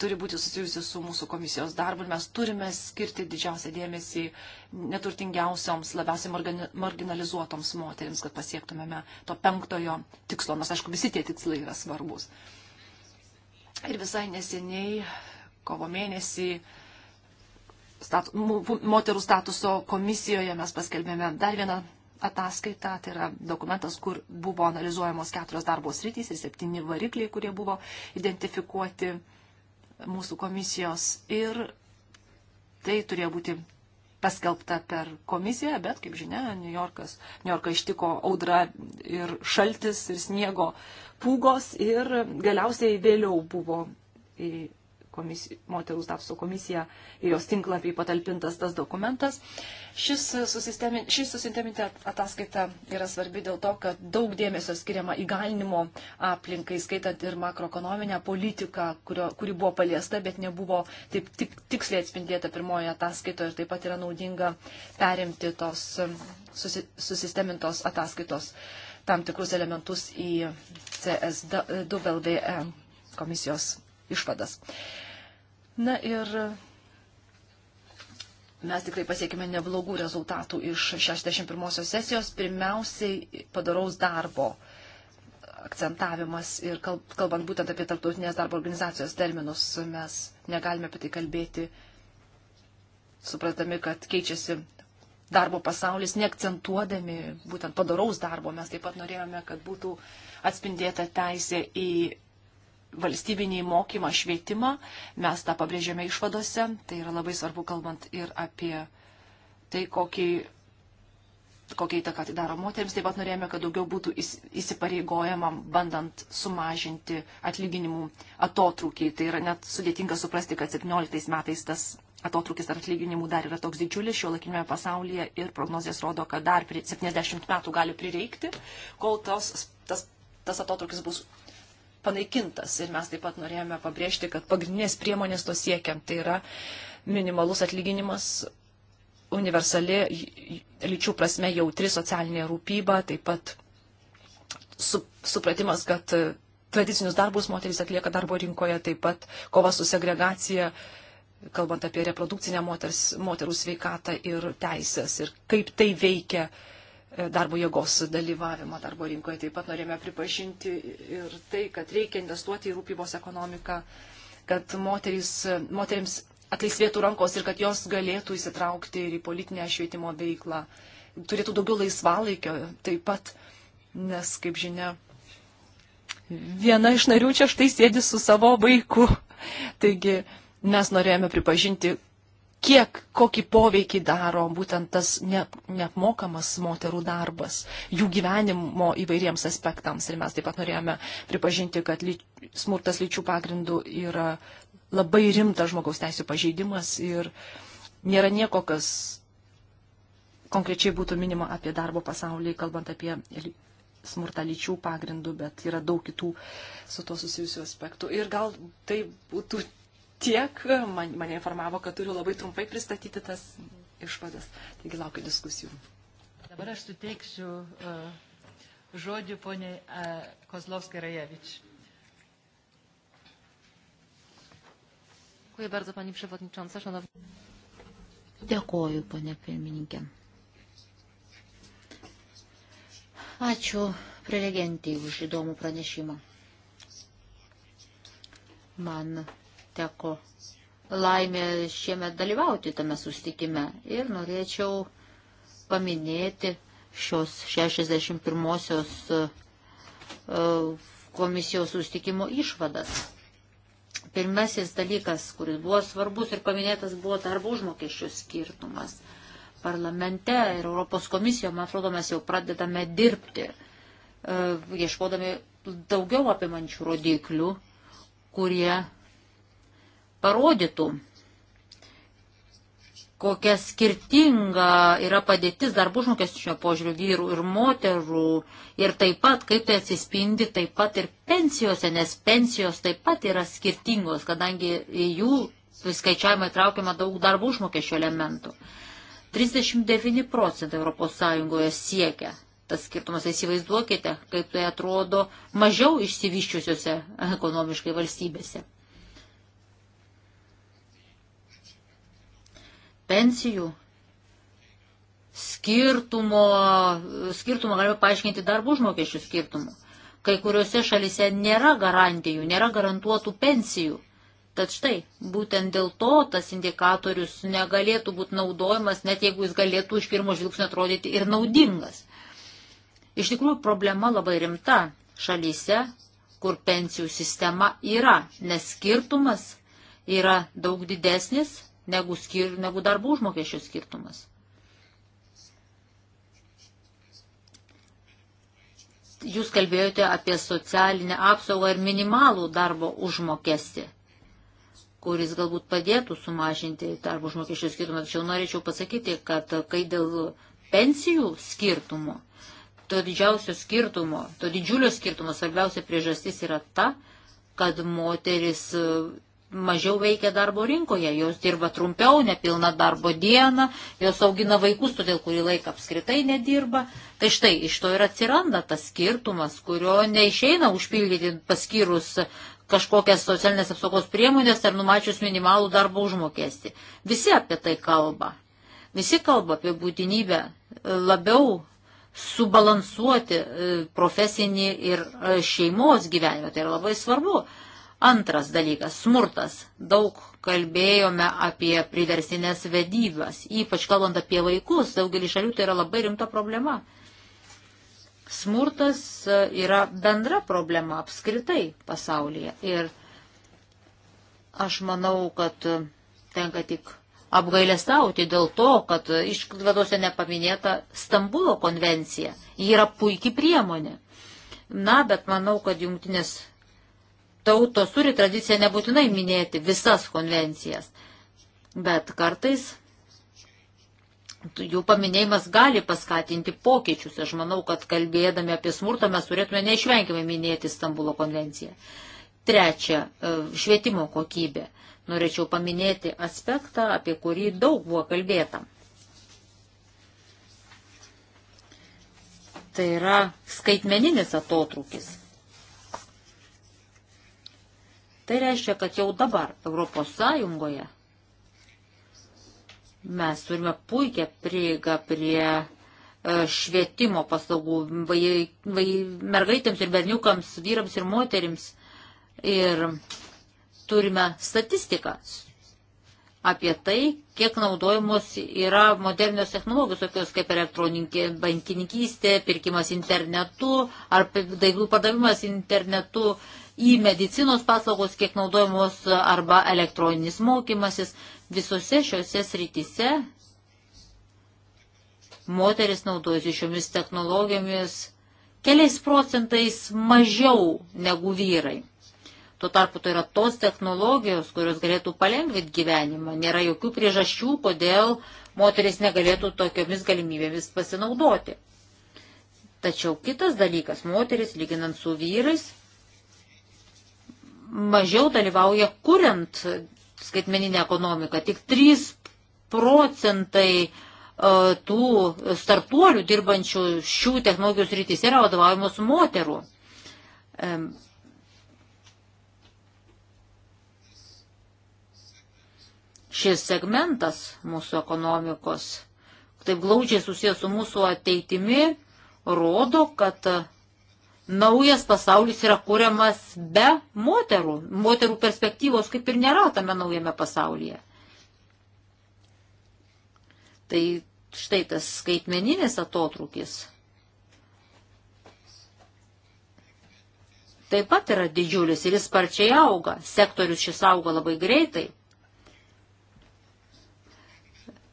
turi būti susijusi su mūsų komisijos darbu ir mes turime skirti didžiausią dėmesį neturtingiausioms, labiausiai marginalizuotoms moteriams, kad pasiektumėme to penktojo tikslo, nors aišku visi tie tikslai yra svarbus. Ir visai neseniai, kovo mėnesį, statu, moterų statuso komisijoje mes paskelbėme dar vieną ataskaita, tai yra dokumentas, kur buvo analizuojamos keturios darbos rytys ir septyni varikliai, kurie buvo identifikuoti mūsų komisijos ir tai turėjo būti paskelbta per komisiją, bet, kaip žinia, New Yorkas, New Yorką ištiko audra ir šaltis ir sniego pūgos ir galiausiai vėliau buvo komisi, moterų statuso komisija ir jos tinklapį patalpintas tas dokumentas. Šis ši e, susinteminti ataskaita yra svarbi dėl to, kad daug dėmesio skiriama įgalinimo aplinkai, skaitant ir makroekonominę politiką, kurio, kuri buvo paliesta, bet nebuvo taip tik, tiksliai atspindėta pirmoje ataskaitoje ir taip pat yra naudinga perimti tos e, susi, susistemintos ataskaitos tam tikrus elementus į CS2 LVE e komisijos išvadas. Na ir mes tikrai pasiekime neblogų rezultatų iš 61 sesijos. Pirmiausiai padaraus darbo akcentavimas ir kalbant būtent apie tarptautinės darbo organizacijos terminus, mes negalime apie tai kalbėti, suprasdami, kad keičiasi darbo pasaulis, neakcentuodami būtent padaraus darbo. Mes taip pat norėjome, kad būtų atspindėta teisė į valstybinį mokymą, švietimą. Mes tą pabrėžėme išvadose. Tai yra labai svarbu, kalbant ir apie tai, kokį, kokią įtaką tai daro moteriams. Taip pat norėjome, kad daugiau būtų įsipareigojama, bandant sumažinti atlyginimų atotrukį. Tai yra net sudėtinga suprasti, kad 17 metais tas atotrukis tarp atlyginimų dar yra toks didžiulis šio laikinėme pasaulyje ir prognozijas rodo, kad dar 70 metų gali prireikti, kol tos, tas, tas atotrukis bus panaikintas. Ir mes taip pat norėjome pabrėžti, kad pagrindinės priemonės to siekiant tai yra minimalus atlyginimas, universali lyčių prasme jautri socialinė rūpyba, taip pat su, supratimas, kad tradicinius darbus moteris atlieka darbo rinkoje, taip pat kova su segregacija, kalbant apie reprodukcinę moters, moterų sveikatą ir teisės ir kaip tai veikia uh, E, darbo jėgos dalyvavimą darbo rinkoje. Taip pat norėjome pripažinti ir tai, kad reikia investuoti į rūpybos ekonomiką, kad moteris, e, moterims atlaisvėtų rankos ir kad jos galėtų įsitraukti ir į politinę švietimo veiklą. Turėtų daugiau laisvalaikio taip pat, nes, kaip žinia, viena iš narių čia štai sėdi su savo vaiku. Taigi mes norėjome pripažinti, kiek, kokį poveikį daro būtent tas ne, neapmokamas moterų darbas, jų gyvenimo įvairiems aspektams. Ir mes taip pat norėjome pripažinti, kad lyč, smurtas lyčių pagrindų yra labai rimtas žmogaus teisų pažeidimas ir nėra nieko, kas konkrečiai būtų minima apie darbo pasaulį, kalbant apie smurtą lyčių pagrindų, bet yra daug kitų su to susijusių aspektų. Ir gal tai būtų tiek. Man, mane informavo, kad turiu labai trumpai pristatyti tas išvadas. Taigi laukiu diskusijų. Dabar aš suteiksiu uh, žodį poniai uh, Kozlovskai Rajevič. Dziękuję bardzo Pani Przewodnicząca. Szanowni... Dėkoju, ponė pirmininkė. Ačiū prelegentiai už įdomų pranešimą. Man teko laimė šiemet dalyvauti tame sustikime ir norėčiau paminėti šios 61-osios e, komisijos sustikimo išvadas. Pirmasis dalykas, kuris buvo svarbus ir paminėtas, buvo darbo užmokesčių skirtumas. Parlamente ir Europos komisijoje, man atrodo, mes jau pradedame dirbti, e, ieškodami daugiau apimančių rodiklių, kurie parodytų, kokia skirtinga yra padėtis darbų užmokesčio požiūrių vyrų ir moterų ir taip pat, kaip tai atsispindi taip pat ir pensijose, nes pensijos taip pat yra skirtingos, kadangi jų skaičiavimą įtraukiama daug darbų užmokesčio elementų. 39 procentai ES siekia. Tas skirtumas įsivaizduokite, kaip tai atrodo mažiau išsivyščiusiuose ekonomiškai valstybėse. pensijų skirtumo, skirtumą galime paaiškinti darbų užmokesčių skirtumu. Kai kuriuose šalise nėra garantijų, nėra garantuotų pensijų. Tad štai, būtent dėl to tas indikatorius negalėtų būti naudojamas, net jeigu jis galėtų iš pirmo žvilgsnio atrodyti ir naudingas. Iš tikrųjų, problema labai rimta šalyse, kur pensijų sistema yra, nes skirtumas yra daug didesnis negu, skir, negu darbų užmokesčio skirtumas. Jūs kalbėjote apie socialinę apsaugą ir minimalų darbo užmokestį, kuris galbūt padėtų sumažinti darbo užmokesčio skirtumą. Tačiau norėčiau pasakyti, kad kai dėl pensijų skirtumo, to didžiausio skirtumo, to didžiulio skirtumo svarbiausia priežastis yra ta, kad moteris mažiau veikia darbo rinkoje, jos dirba trumpiau, nepilna darbo diena, jos augina vaikus, todėl kurį laiką apskritai nedirba. Tai štai iš to ir atsiranda tas skirtumas, kurio neišeina užpildyti paskyrus kažkokias socialinės apsaugos priemonės ar numačius minimalų darbo užmokestį. Visi apie tai kalba. Visi kalba apie būtinybę e, labiau subalansuoti e, profesinį ir e, šeimos gyvenimą. Tai yra labai svarbu. Antras dalykas - smurtas. Daug kalbėjome apie priversinės vedybas, ypač kalbant apie vaikus, daugelį šalių tai yra labai rimta problema. Smurtas e, yra bendra problema apskritai pasaulyje ir aš manau, kad e, tenka tik apgailestauti dėl to, kad išvadose nepaminėta Stambulo konvencija. Ji yra puikia priemonė. Na, bet manau, kad jungtinės tautos turi tradiciją nebūtinai minėti visas konvencijas, bet kartais jų paminėjimas gali paskatinti pokyčius. Aš manau, kad kalbėdami apie smurtą mes turėtume neišvengiamai minėti Stambulo konvenciją. Trečia, e, švietimo kokybė. Norėčiau paminėti aspektą, apie kurį daug buvo kalbėta. Tai yra skaitmeninis atotrukis. Tai reiškia, kad jau dabar Europos Sąjungoje mes turime puikią prieigą prie e, švietimo paslaugų vai, vai, mergaitėms ir berniukams, vyrams ir moterims. Ir turime statistiką apie tai, kiek naudojamos yra modernios technologijos, tokios kaip elektroninkė, bankininkystė, pirkimas internetu ar daigų padavimas internetu į medicinos paslaugos, kiek naudojamos arba elektroninis mokymasis. Visose šiuose srityse moteris naudojasi šiomis technologijomis keliais procentais mažiau negu vyrai. Tuo tarpu tai yra tos technologijos, kurios galėtų palengvinti gyvenimą. Nėra jokių priežasčių, kodėl moteris negalėtų tokiomis galimybėmis pasinaudoti. Tačiau kitas dalykas, moteris, lyginant su vyrais, mažiau dalyvauja kuriant skaitmeninę ekonomiką. Tik 3 procentai e, tų startuolių dirbančių šių technologijų srityse yra vadovavimas moterų. Šis segmentas mūsų ekonomikos, taip glaudžiai susijęs su mūsų ateitimi, rodo, kad naujas pasaulis yra kuriamas be moterų. Moterų perspektyvos kaip ir nėra tame naujame pasaulyje. Tai štai tas skaitmeninis atotrukis taip pat yra didžiulis ir jis sparčiai auga. Sektorius šis auga labai greitai.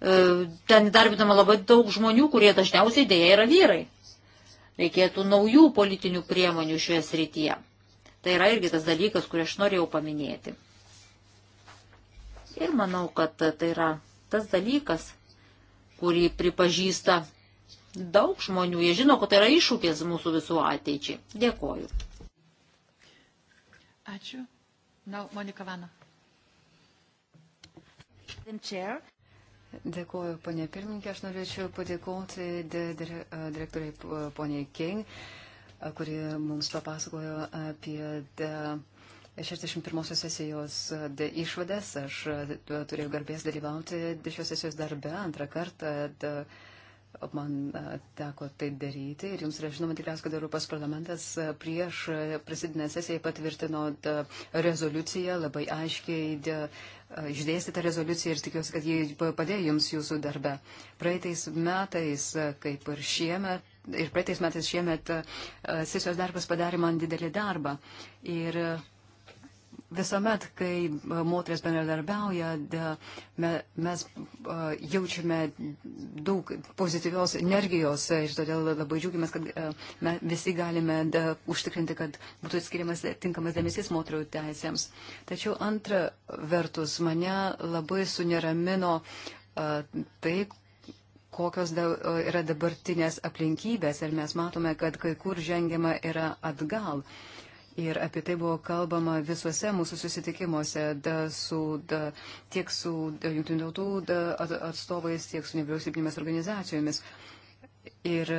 E, ten darbinama labai daug žmonių, kurie dažniausiai dėja yra vyrai. Reikėtų naujų politinių priemonių šioje srityje. Tai yra irgi tas dalykas, kurį aš norėjau paminėti. Ir manau, kad tai yra tas dalykas, kurį pripažįsta daug žmonių. Jie žino, kad tai yra iššūkis mūsų visų ateičiai. Dėkoju. Ačiū. Na, Monika Vana. Dėkuoju, ponė pirmininkė, aš norėčiau padėkoti direktoriai ponė King, kuri mums papasakojo apie 61 sesijos išvadas. Aš turėjau garbės dalyvauti šios sesijos darbe antrą kartą. De, Man e, teko tai daryti ir jums yra žinoma tikriausiai, kad Europos parlamentas e, prieš e, prasidinę sesiją patvirtino rezoliuciją, labai aiškiai išdėstytą rezoliuciją ir tikiuosi, kad ji padėjo jums jūsų darbe. Praeitais metais, kaip ir šiemet, ir praeitais metais šiemet sesijos darbas padarė man didelį darbą. Ir visuomet, kai e, moteris bendradarbiauja, mes e, jaučiame daug pozityvios energijos ir todėl labai džiaugiamės, kad e, mes visi galime užtikrinti, kad būtų skiriamas tinkamas dėmesys moterų teisėms. Tačiau antra vertus, mane labai suneramino tai, kokios da, yra dabartinės aplinkybės ir mes matome, kad kai kur žengiama yra atgal. Uh, Ir apie tai buvo kalbama visuose mūsų susitikimuose da, su, da, tiek su jungtinių tautų atstovais, tiek su nevyriausybinėmis organizacijomis. Ir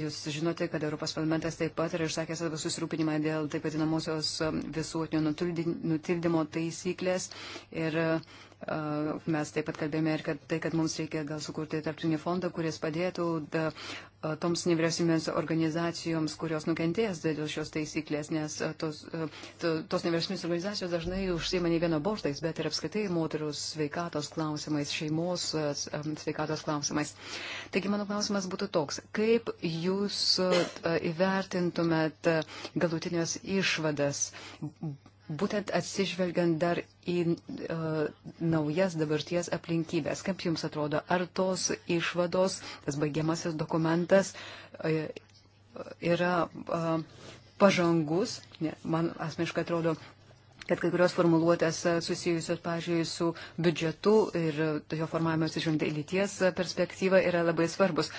jūs žinote, kad Europos parlamentas taip pat yra išsakęs savo susirūpinimą dėl taip vadinamosios um, visuotinio nutildymo taisyklės. Ir uh, Mes taip pat kalbėjome ir kad tai, kad mums reikia gal sukurti tarptautinį fondą, kuris padėtų da, toms nevyriausybinėms organizacijoms, kurios nukentės dėl šios taisyklės, nes tos, to, tos nevyriausybinės organizacijos dažnai užsima ne vieno bortais, bet ir apskritai moterų sveikatos klausimais, šeimos sveikatos klausimais. Taigi mano klausimas būtų toks, kaip jūs įvertintumėt galutinės išvadas? būtent atsižvelgiant dar į uh, naujas dabarties aplinkybės. Kaip Jums atrodo, ar tos išvados, tas baigiamasis dokumentas uh, yra uh, pažangus? Ne, man asmeniškai atrodo, kad kai kurios formuluotės e, susijusios, pažiūrėjau, su biudžetu ir jo formavimas išžiūrint į lyties e, perspektyvą yra labai svarbus.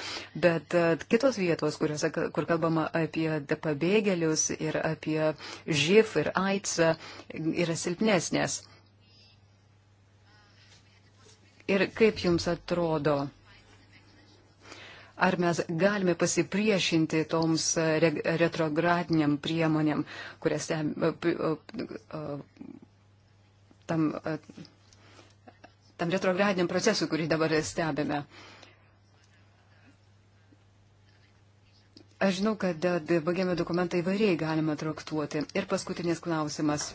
Bet e, kitos vietos, kuriuose, kur kalbama apie pabėgėlius ir apie živ ir AIDS, yra silpnesnės. Ir kaip jums atrodo? ar mes galime pasipriešinti toms e, re, retrogradiniam priemonėm, kurias ten, e, e, tam, tam retrogradiniam procesui, kurį dabar stebime. Aš žinau, kad bagiami dokumentai įvairiai galima traktuoti. Ir paskutinis klausimas.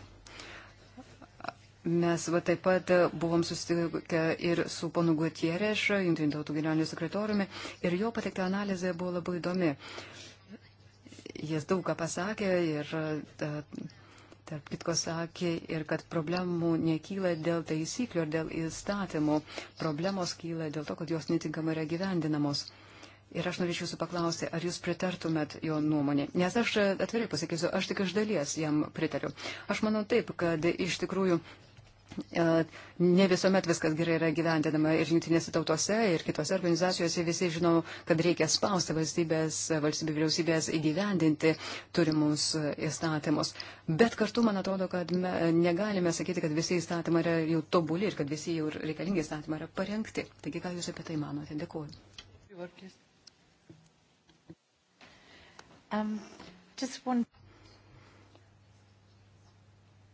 Mes va, taip pat buvom susitikę ir su ponu Gutierėš, Junktinių tautų generaliniu sekretoriumi, ir jo pateikta analizė buvo labai įdomi. Jis daug ką pasakė ir, e, tarp kitko, sakė ir kad problemų nekyla dėl taisyklių ar dėl įstatymų. Problemos kyla dėl to, kad jos netinkamai yra gyvendinamos. Ir aš norėčiau jūsų paklausti, ar jūs pritartumėt jo nuomonė. Nes aš atvirai pasakysiu, aš tik iš dalies jam pritariu. Aš manau taip, kad iš tikrųjų E, ne visuomet viskas gerai yra gyvendinama ir jungtinėse tautose, ir kitose organizacijose visi žino, kad reikia spausti valstybės, valstybės vyriausybės įgyvendinti turimus įstatymus. Bet kartu man atrodo, kad negalime sakyti, kad visi įstatymai yra jau tobuli ir kad visi jau reikalingi įstatymai yra parengti. Taigi, ką Jūs apie tai manote? Dėkuoju. Um, one...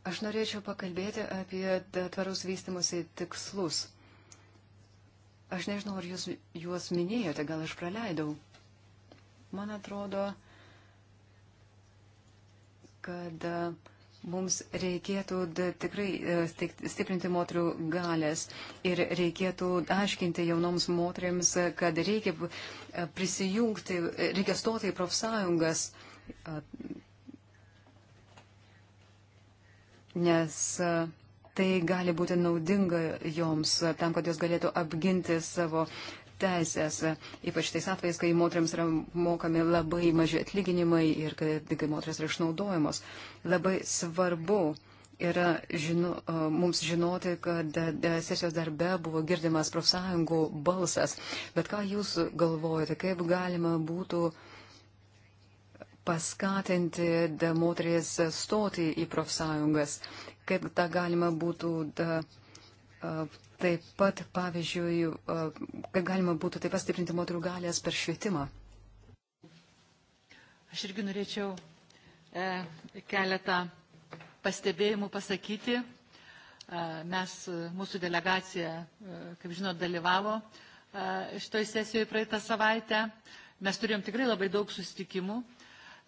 Aš norėčiau pakalbėti apie tvarus vystimusi tikslus. Aš nežinau, ar jūs juos minėjote, gal aš praleidau. Man atrodo, kad e, mums reikėtų tikrai e, stiprinti moterų galės ir reikėtų aiškinti jaunoms moteriams, kad reikia e, prisijungti, reikia stoti į profsąjungas nes e, tai gali būti naudinga joms e, tam, kad jos galėtų apginti savo teisės, e, ypač tais atvejais, kai moteriams yra mokami labai maži atlyginimai ir kai, kai moteris yra išnaudojamos. Labai svarbu yra žino, mums žinoti, kad sesijos darbe buvo girdimas profsąjungų balsas. Bet ką jūs galvojate, kaip galima būtų uh, paskatinti moteris stoti į profsąjungas, kaip tą galima būtų da, taip pat, pavyzdžiui, kaip galima būtų taip pastiprinti moterų galės per švietimą. Aš irgi norėčiau e, keletą pastebėjimų pasakyti. E, mes, e, mūsų delegacija, e, kaip žinot, dalyvavo e, šitoj sesijoje praeitą savaitę. Mes turėjom tikrai labai daug susitikimų. E,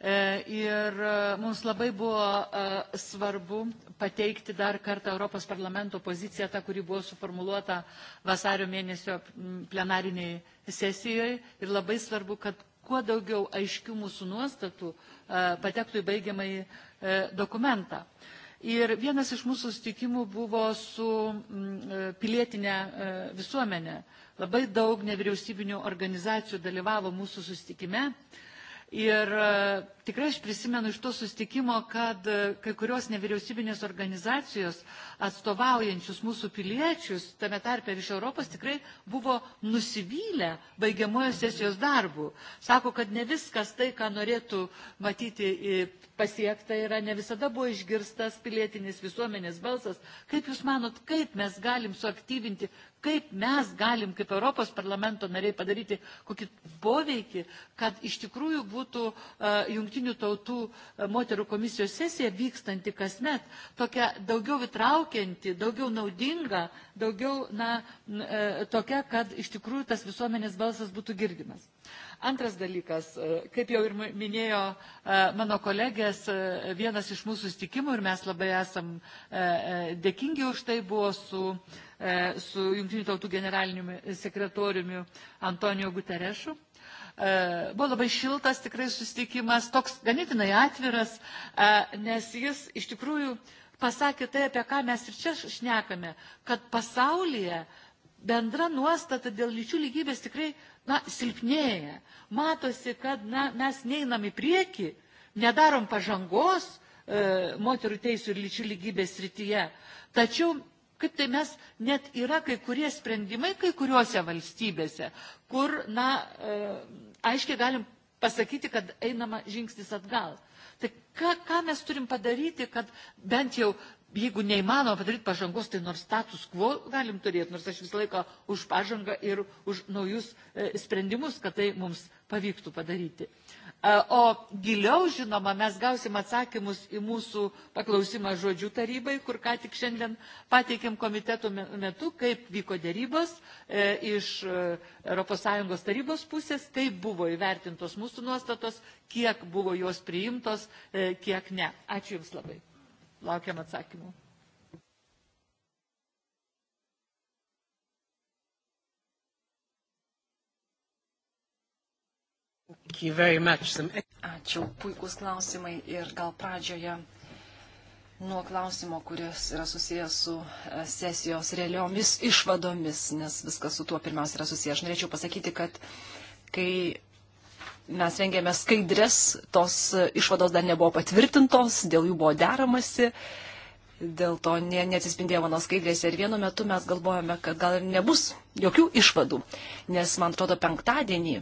E, ir e, mums labai buvo e, svarbu pateikti dar kartą Europos parlamento poziciją, tą, kuri buvo suformuluota vasario mėnesio plenariniai sesijoje. Ir labai svarbu, kad kuo daugiau aiškių mūsų nuostatų patektų į baigiamąjį dokumentą. Ir vienas iš mūsų sustikimų buvo su pilietinė visuomenė. Labai daug nevyriausybinių organizacijų dalyvavo mūsų sustikime ir e, Tikrai aš prisimenu iš to sustikimo, kad e, kai kurios nevyriausybinės organizacijos atstovaujančius mūsų piliečius, tame tarpe ir iš Europos, tikrai buvo nusivylę baigiamojo sesijos darbų. Sako, kad ne viskas tai, ką norėtų matyti pasiekta yra, ne visada buvo išgirstas pilietinis visuomenės balsas. Kaip Jūs manot, kaip mes galim suaktyvinti, kaip mes galim kaip Europos parlamento nariai padaryti kokį poveikį, kad iš tikrųjų būtų uh, jungtinių jungtinių tautų e, moterų komisijos sesija vykstanti kasmet, tokia daugiau įtraukianti, daugiau naudinga, daugiau na, e, tokia, kad iš tikrųjų tas visuomenės balsas būtų girdimas. Antras dalykas, e, kaip jau ir minėjo mano kolegės, vienas iš mūsų stikimų ir mes labai esam dėkingi už tai buvo su su Junktinių tautų generaliniu sekretoriumi Antonijo Guterešu. E, buvo labai šiltas tikrai susitikimas, toks ganėtinai atviras, e, nes jis iš tikrųjų pasakė tai, apie ką mes ir čia šnekame, kad pasaulyje bendra nuostata dėl lyčių lygybės tikrai na, silpnėja. Matosi, kad na, mes neinam į priekį, nedarom pažangos e, moterų teisų ir lyčių lygybės rytyje. Tačiau Kaip tai mes, net yra kai kurie sprendimai kai kuriuose valstybėse, kur, na, e, aiškiai galim pasakyti, kad einama žingsnis atgal. Tai ką, ką mes turim padaryti, kad bent jau, jeigu neįmanoma padaryti pažangos, tai nors status quo galim turėti, nors aš visą laiką už pažangą ir už naujus e, sprendimus, kad tai mums pavyktų padaryti. E, o giliau, žinoma, mes gausim atsakymus į mūsų paklausimą žodžių tarybai, kur ką tik šiandien pateikėm komiteto metu, kaip vyko dėrybos e, iš ES tarybos pusės, kaip buvo įvertintos mūsų nuostatos, kiek buvo jos priimtos, e, kiek ne. Ačiū Jums labai. Laukiam atsakymų. Ačiū, puikūs klausimai ir gal pradžioje nuo klausimo, kuris yra susijęs su e, sesijos realiomis išvadomis, nes viskas su tuo pirmiausia yra susijęs. Aš norėčiau pasakyti, kad kai mes rengėme skaidrės, tos e, išvados dar nebuvo patvirtintos, dėl jų buvo deramasi. Dėl to ne, neatsispindėjo mano skaidrėse ir vienu metu mes galvojame, kad gal ir nebus jokių išvadų, nes man atrodo penktadienį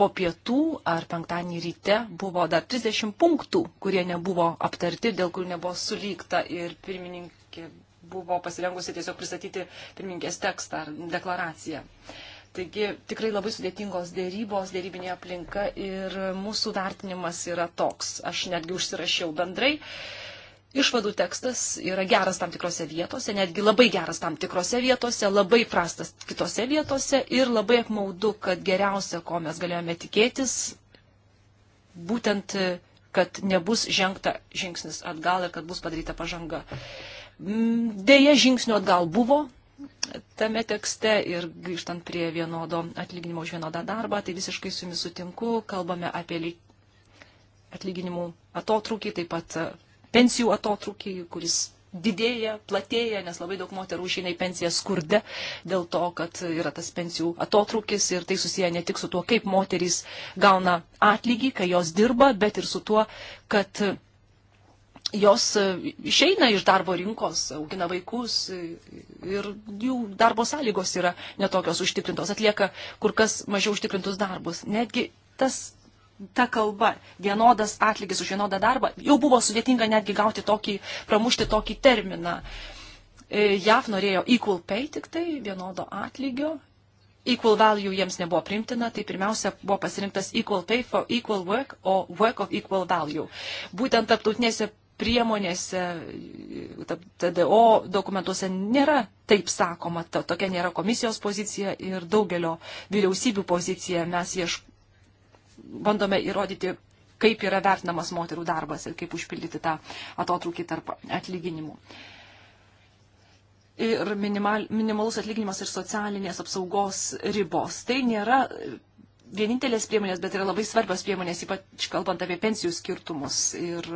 po pietų ar penktadienį ryte buvo dar 30 punktų, kurie nebuvo aptarti, dėl kurių nebuvo sulygta ir pirmininkė buvo pasirengusi tiesiog pristatyti pirmininkės tekstą ar deklaraciją. Taigi tikrai labai sudėtingos dėrybos, dėrybinė aplinka ir mūsų vertinimas yra toks. Aš netgi užsirašiau bendrai Išvadų tekstas yra geras tam tikrose vietose, netgi labai geras tam tikrose vietose, labai prastas kitose vietose ir labai apmaudu, kad geriausia, ko mes galėjome tikėtis, būtent, kad nebus žengta žingsnis atgal ir kad bus padaryta pažanga. Mm, deja, žingsnių atgal buvo, tame tekste ir grįžtant prie vienodo atlyginimo už vienodą darbą, tai visiškai su jumis sutinku, kalbame apie atlyginimų atotrūkį, taip pat pensijų atotrukį, kuris didėja, platėja, nes labai daug moterų išeina į pensiją skurde dėl to, kad yra tas pensijų atotrukis ir tai susiję ne tik su tuo, kaip moterys gauna atlygį, kai jos dirba, bet ir su tuo, kad jos išeina iš darbo rinkos, augina vaikus ir jų darbo sąlygos yra netokios užtikrintos, atlieka kur kas mažiau užtikrintus darbus. Netgi tas ta kalba, vienodas atlygis už vienodą darbą, jau buvo sudėtinga netgi gauti tokį, pramušti tokį terminą. E, JAV norėjo equal pay tik tai, vienodo atlygio. Equal value jiems nebuvo primtina, tai pirmiausia buvo pasirinktas equal pay for equal work, o work of equal value. Būtent tarptautinėse priemonėse, TDO dokumentuose nėra taip sakoma, ta, tokia nėra komisijos pozicija ir daugelio vyriausybių pozicija. Mes ieškome bandome įrodyti, kaip yra vertinamas moterų darbas ir kaip užpildyti tą atotrukį tarp atlyginimų. Ir minimal, minimalus atlyginimas ir socialinės apsaugos ribos. Tai nėra vienintelės priemonės, bet yra labai svarbios priemonės, ypač kalbant apie pensijų skirtumus ir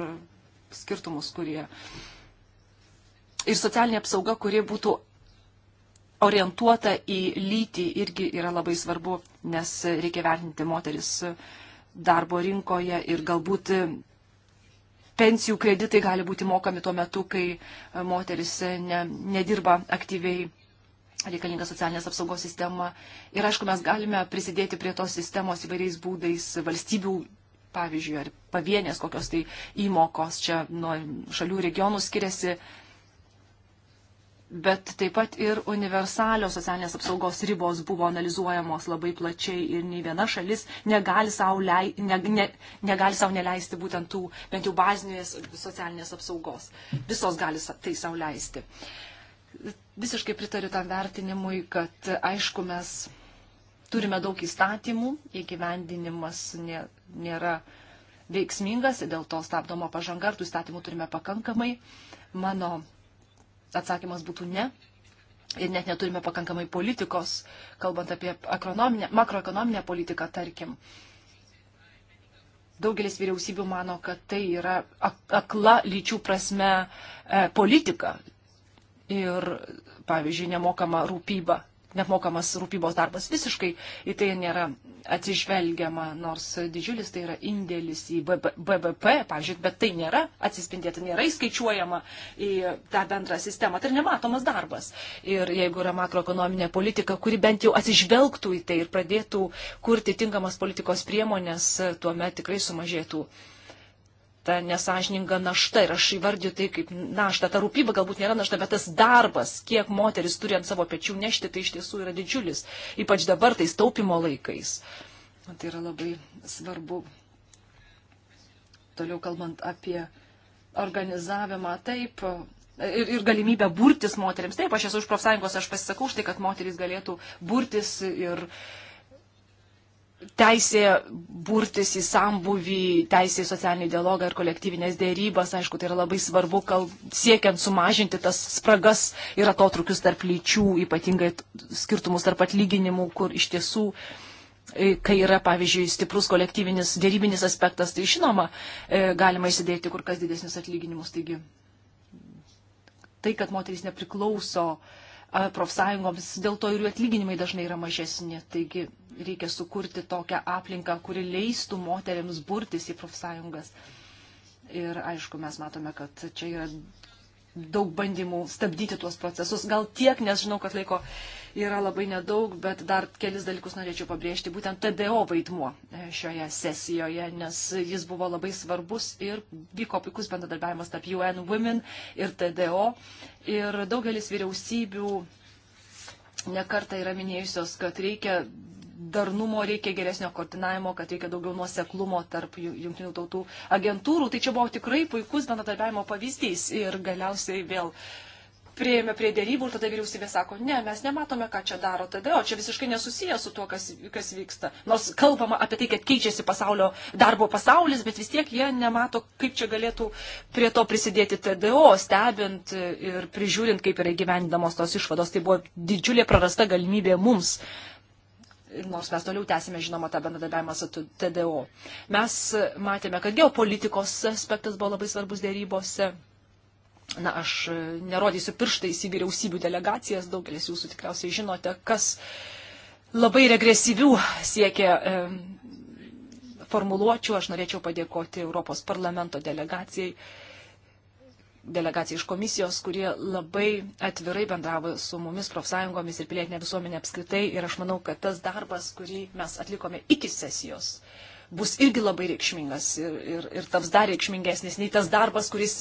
skirtumus, kurie. Ir socialinė apsauga, kuri būtų orientuota į lytį irgi yra labai svarbu, nes reikia vertinti moteris darbo rinkoje ir galbūt pensijų kreditai gali būti mokami tuo metu, kai moteris ne, nedirba aktyviai reikalinga socialinės apsaugos sistema. Ir aišku, mes galime prisidėti prie tos sistemos įvairiais būdais valstybių, pavyzdžiui, ar pavienės kokios tai įmokos čia nuo šalių regionų skiriasi bet taip pat ir universalios socialinės apsaugos ribos buvo analizuojamos labai plačiai ir nei viena šalis negali savo lei, ne, ne, negali sau neleisti būtent tų bent jau bazinės socialinės apsaugos. Visos gali tai sau leisti. Visiškai pritariu tam vertinimui, kad aišku mes turime daug įstatymų, įgyvendinimas nė, nėra veiksmingas, dėl to stabdoma pažanga, ar tų įstatymų turime pakankamai. Mano atsakymas būtų ne. Ir net neturime pakankamai politikos, kalbant apie makroekonominę politiką, tarkim. Daugelis vyriausybių mano, kad tai yra akla lyčių prasme e, politika ir, pavyzdžiui, nemokama rūpyba neapmokamas rūpybos darbas. Visiškai į tai nėra atsižvelgiama, nors didžiulis tai yra indėlis į BVP, pavyzdžiui, bet tai nėra atsispindėta, nėra įskaičiuojama į tą bendrą sistemą. Tai nematomas darbas. Ir jeigu yra makroekonominė politika, kuri bent jau atsižvelgtų į tai ir pradėtų kurti tinkamas politikos priemonės, tuomet tikrai sumažėtų ta nesažininga našta ir aš įvardžiu tai kaip naštą. Ta rūpyba galbūt nėra našta, bet tas darbas, kiek moteris turi ant savo pečių nešti, tai iš tiesų yra didžiulis, ypač dabar tais taupimo laikais. Tai yra labai svarbu. Toliau kalbant apie organizavimą, taip, ir, ir galimybę burtis moteriams. Taip, aš esu už profsąjungos, aš pasisakau už tai, kad moteris galėtų burtis ir uh, teisė burtis į sambuvį, teisė į socialinį dialogą ir kolektyvinės dėrybas, aišku, tai yra labai svarbu, kal, siekiant sumažinti tas spragas ir atotrukius tarp lyčių, ypatingai skirtumus tarp atlyginimų, kur iš tiesų, e, kai yra, pavyzdžiui, stiprus kolektyvinis dėrybinis aspektas, tai žinoma, e, galima įsidėti kur kas didesnius atlyginimus. Taigi, tai, kad moteris nepriklauso profsąjungoms, dėl to ir jų atlyginimai dažnai yra mažesni. Taigi, reikia sukurti tokią aplinką, kuri leistų moteriams burtis į profsąjungas. Ir aišku, mes matome, kad čia yra daug bandymų stabdyti tuos procesus. Gal tiek, nes žinau, kad laiko yra labai nedaug, bet dar kelis dalykus norėčiau pabrėžti. Būtent TDO vaidmuo e, šioje sesijoje, nes jis buvo labai svarbus ir vyko puikus bendradarbiavimas tarp UN Women ir TDO. Ir daugelis vyriausybių nekarta yra minėjusios, kad reikia darnumo, reikia geresnio koordinavimo, kad reikia daugiau nuoseklumo tarp jungtinių tautų agentūrų. Tai čia buvo tikrai puikus bendradarbiavimo pavyzdys ir galiausiai vėl prieėmė prie dėrybų ir tada vyriausybė sako, ne, mes nematome, ką čia daro tada, o čia visiškai nesusiję su tuo, kas, kas vyksta. Nors kalbama apie tai, kad keičiasi pasaulio darbo pasaulis, bet vis tiek jie nemato, kaip čia galėtų prie to prisidėti TDO, stebint ir prižiūrint, kaip yra įgyvendinamos tos išvados. Tai buvo didžiulė prarasta galimybė mums nors mes toliau tęsime, žinoma, tą bendradarbiavimą su TDO. Mes matėme, kad geopolitikos aspektas buvo labai svarbus dėrybose. Na, aš e, nerodysiu pirštais į vyriausybių delegacijas, daugelis jūsų tikriausiai žinote, kas labai regresyvių siekia e, formuluočių. Aš norėčiau padėkoti Europos parlamento delegacijai. E, delegacija iš komisijos, kurie labai atvirai bendravo su mumis, profsąjungomis ir pilietinė visuomenė apskritai. Ir aš manau, kad tas darbas, kurį mes atlikome iki sesijos, bus irgi labai reikšmingas ir, ir, ir taps dar reikšmingesnis nei tas darbas, kuris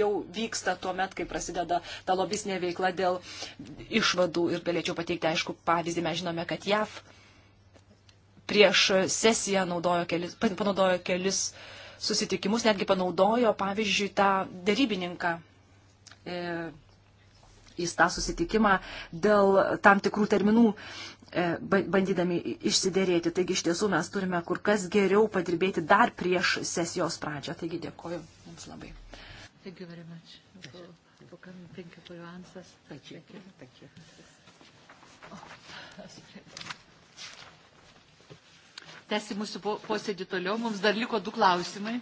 jau vyksta tuo met, kai prasideda ta lobisnė veikla dėl išvadų. Ir galėčiau pateikti, aišku, pavyzdį, mes žinome, kad JAV prieš sesiją naudojo kelis, panaudojo kelis uh, susitikimus, netgi panaudojo, pavyzdžiui, tą darybininką e, į tą susitikimą dėl tam tikrų terminų e, bandydami išsiderėti. Taigi iš tiesų mes turime kur kas geriau padirbėti dar prieš sesijos pradžią. Taigi dėkoju Jums labai. Thank you very much for, for coming. Thank you for your answers. Thank you. Thank you. Thank you. Oh, tęsti mūsų posėdį toliau. Mums dar liko du klausimai.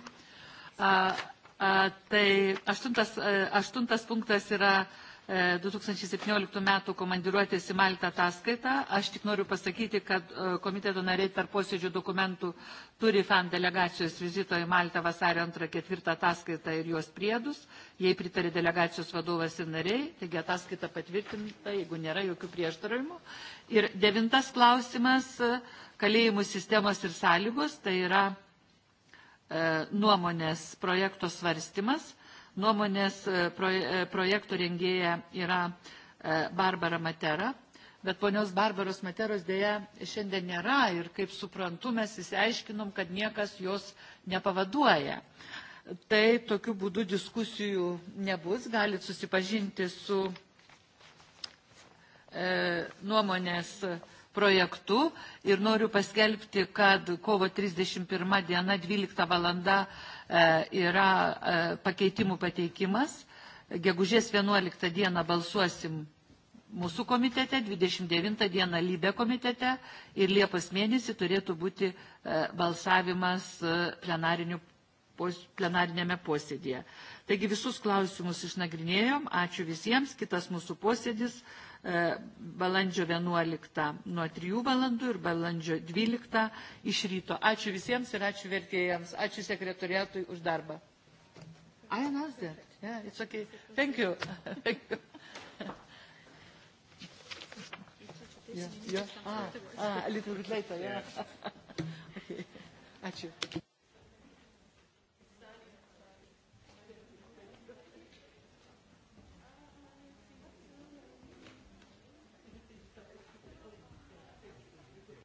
A, a, tai aštuntas, e, aštuntas punktas yra 2017 e, metų komandiruotės į Maltą ataskaitą. Aš tik noriu pasakyti, kad e, komiteto nariai per posėdžių dokumentų turi FAN delegacijos vizito į Maltą vasario 2-4 ataskaitą ir jos priedus. Jei pritarė delegacijos vadovas ir nariai, taigi ataskaita patvirtinta, jeigu nėra jokių prieštaravimų. Ir devintas klausimas kalėjimų sistemos ir sąlygos, tai yra e, nuomonės projekto svarstymas. Nuomonės e, e, projekto rengėja yra Barbara Matera, bet ponios Barbaros Materos dėja šiandien nėra ir kaip suprantu, mes įsiaiškinom, kad niekas jos nepavaduoja. Tai tokiu būdu diskusijų nebus, galit susipažinti su e, nuomonės projekto projektu ir noriu paskelbti, kad kovo 31 diena 12 valanda e, yra e, pakeitimų pateikimas. Gegužės 11 dieną balsuosim mūsų komitete, 29 dieną lybė komitete ir Liepos mėnesį turėtų būti e, balsavimas plenarinėme posėdėje. Taigi visus klausimus išnagrinėjom. Ačiū visiems. Kitas mūsų posėdis E, balandžio 11 nuo 3 valandų ir balandžio 12 iš ryto. Ačiū visiems ir ačiū vertėjams. Ačiū sekretoriatui už darbą. I announced that. Yeah, it's okay. Thank you. Thank you. Yeah, yeah. Ah, ah, a little bit later, yeah. yeah. okay. Ačiū.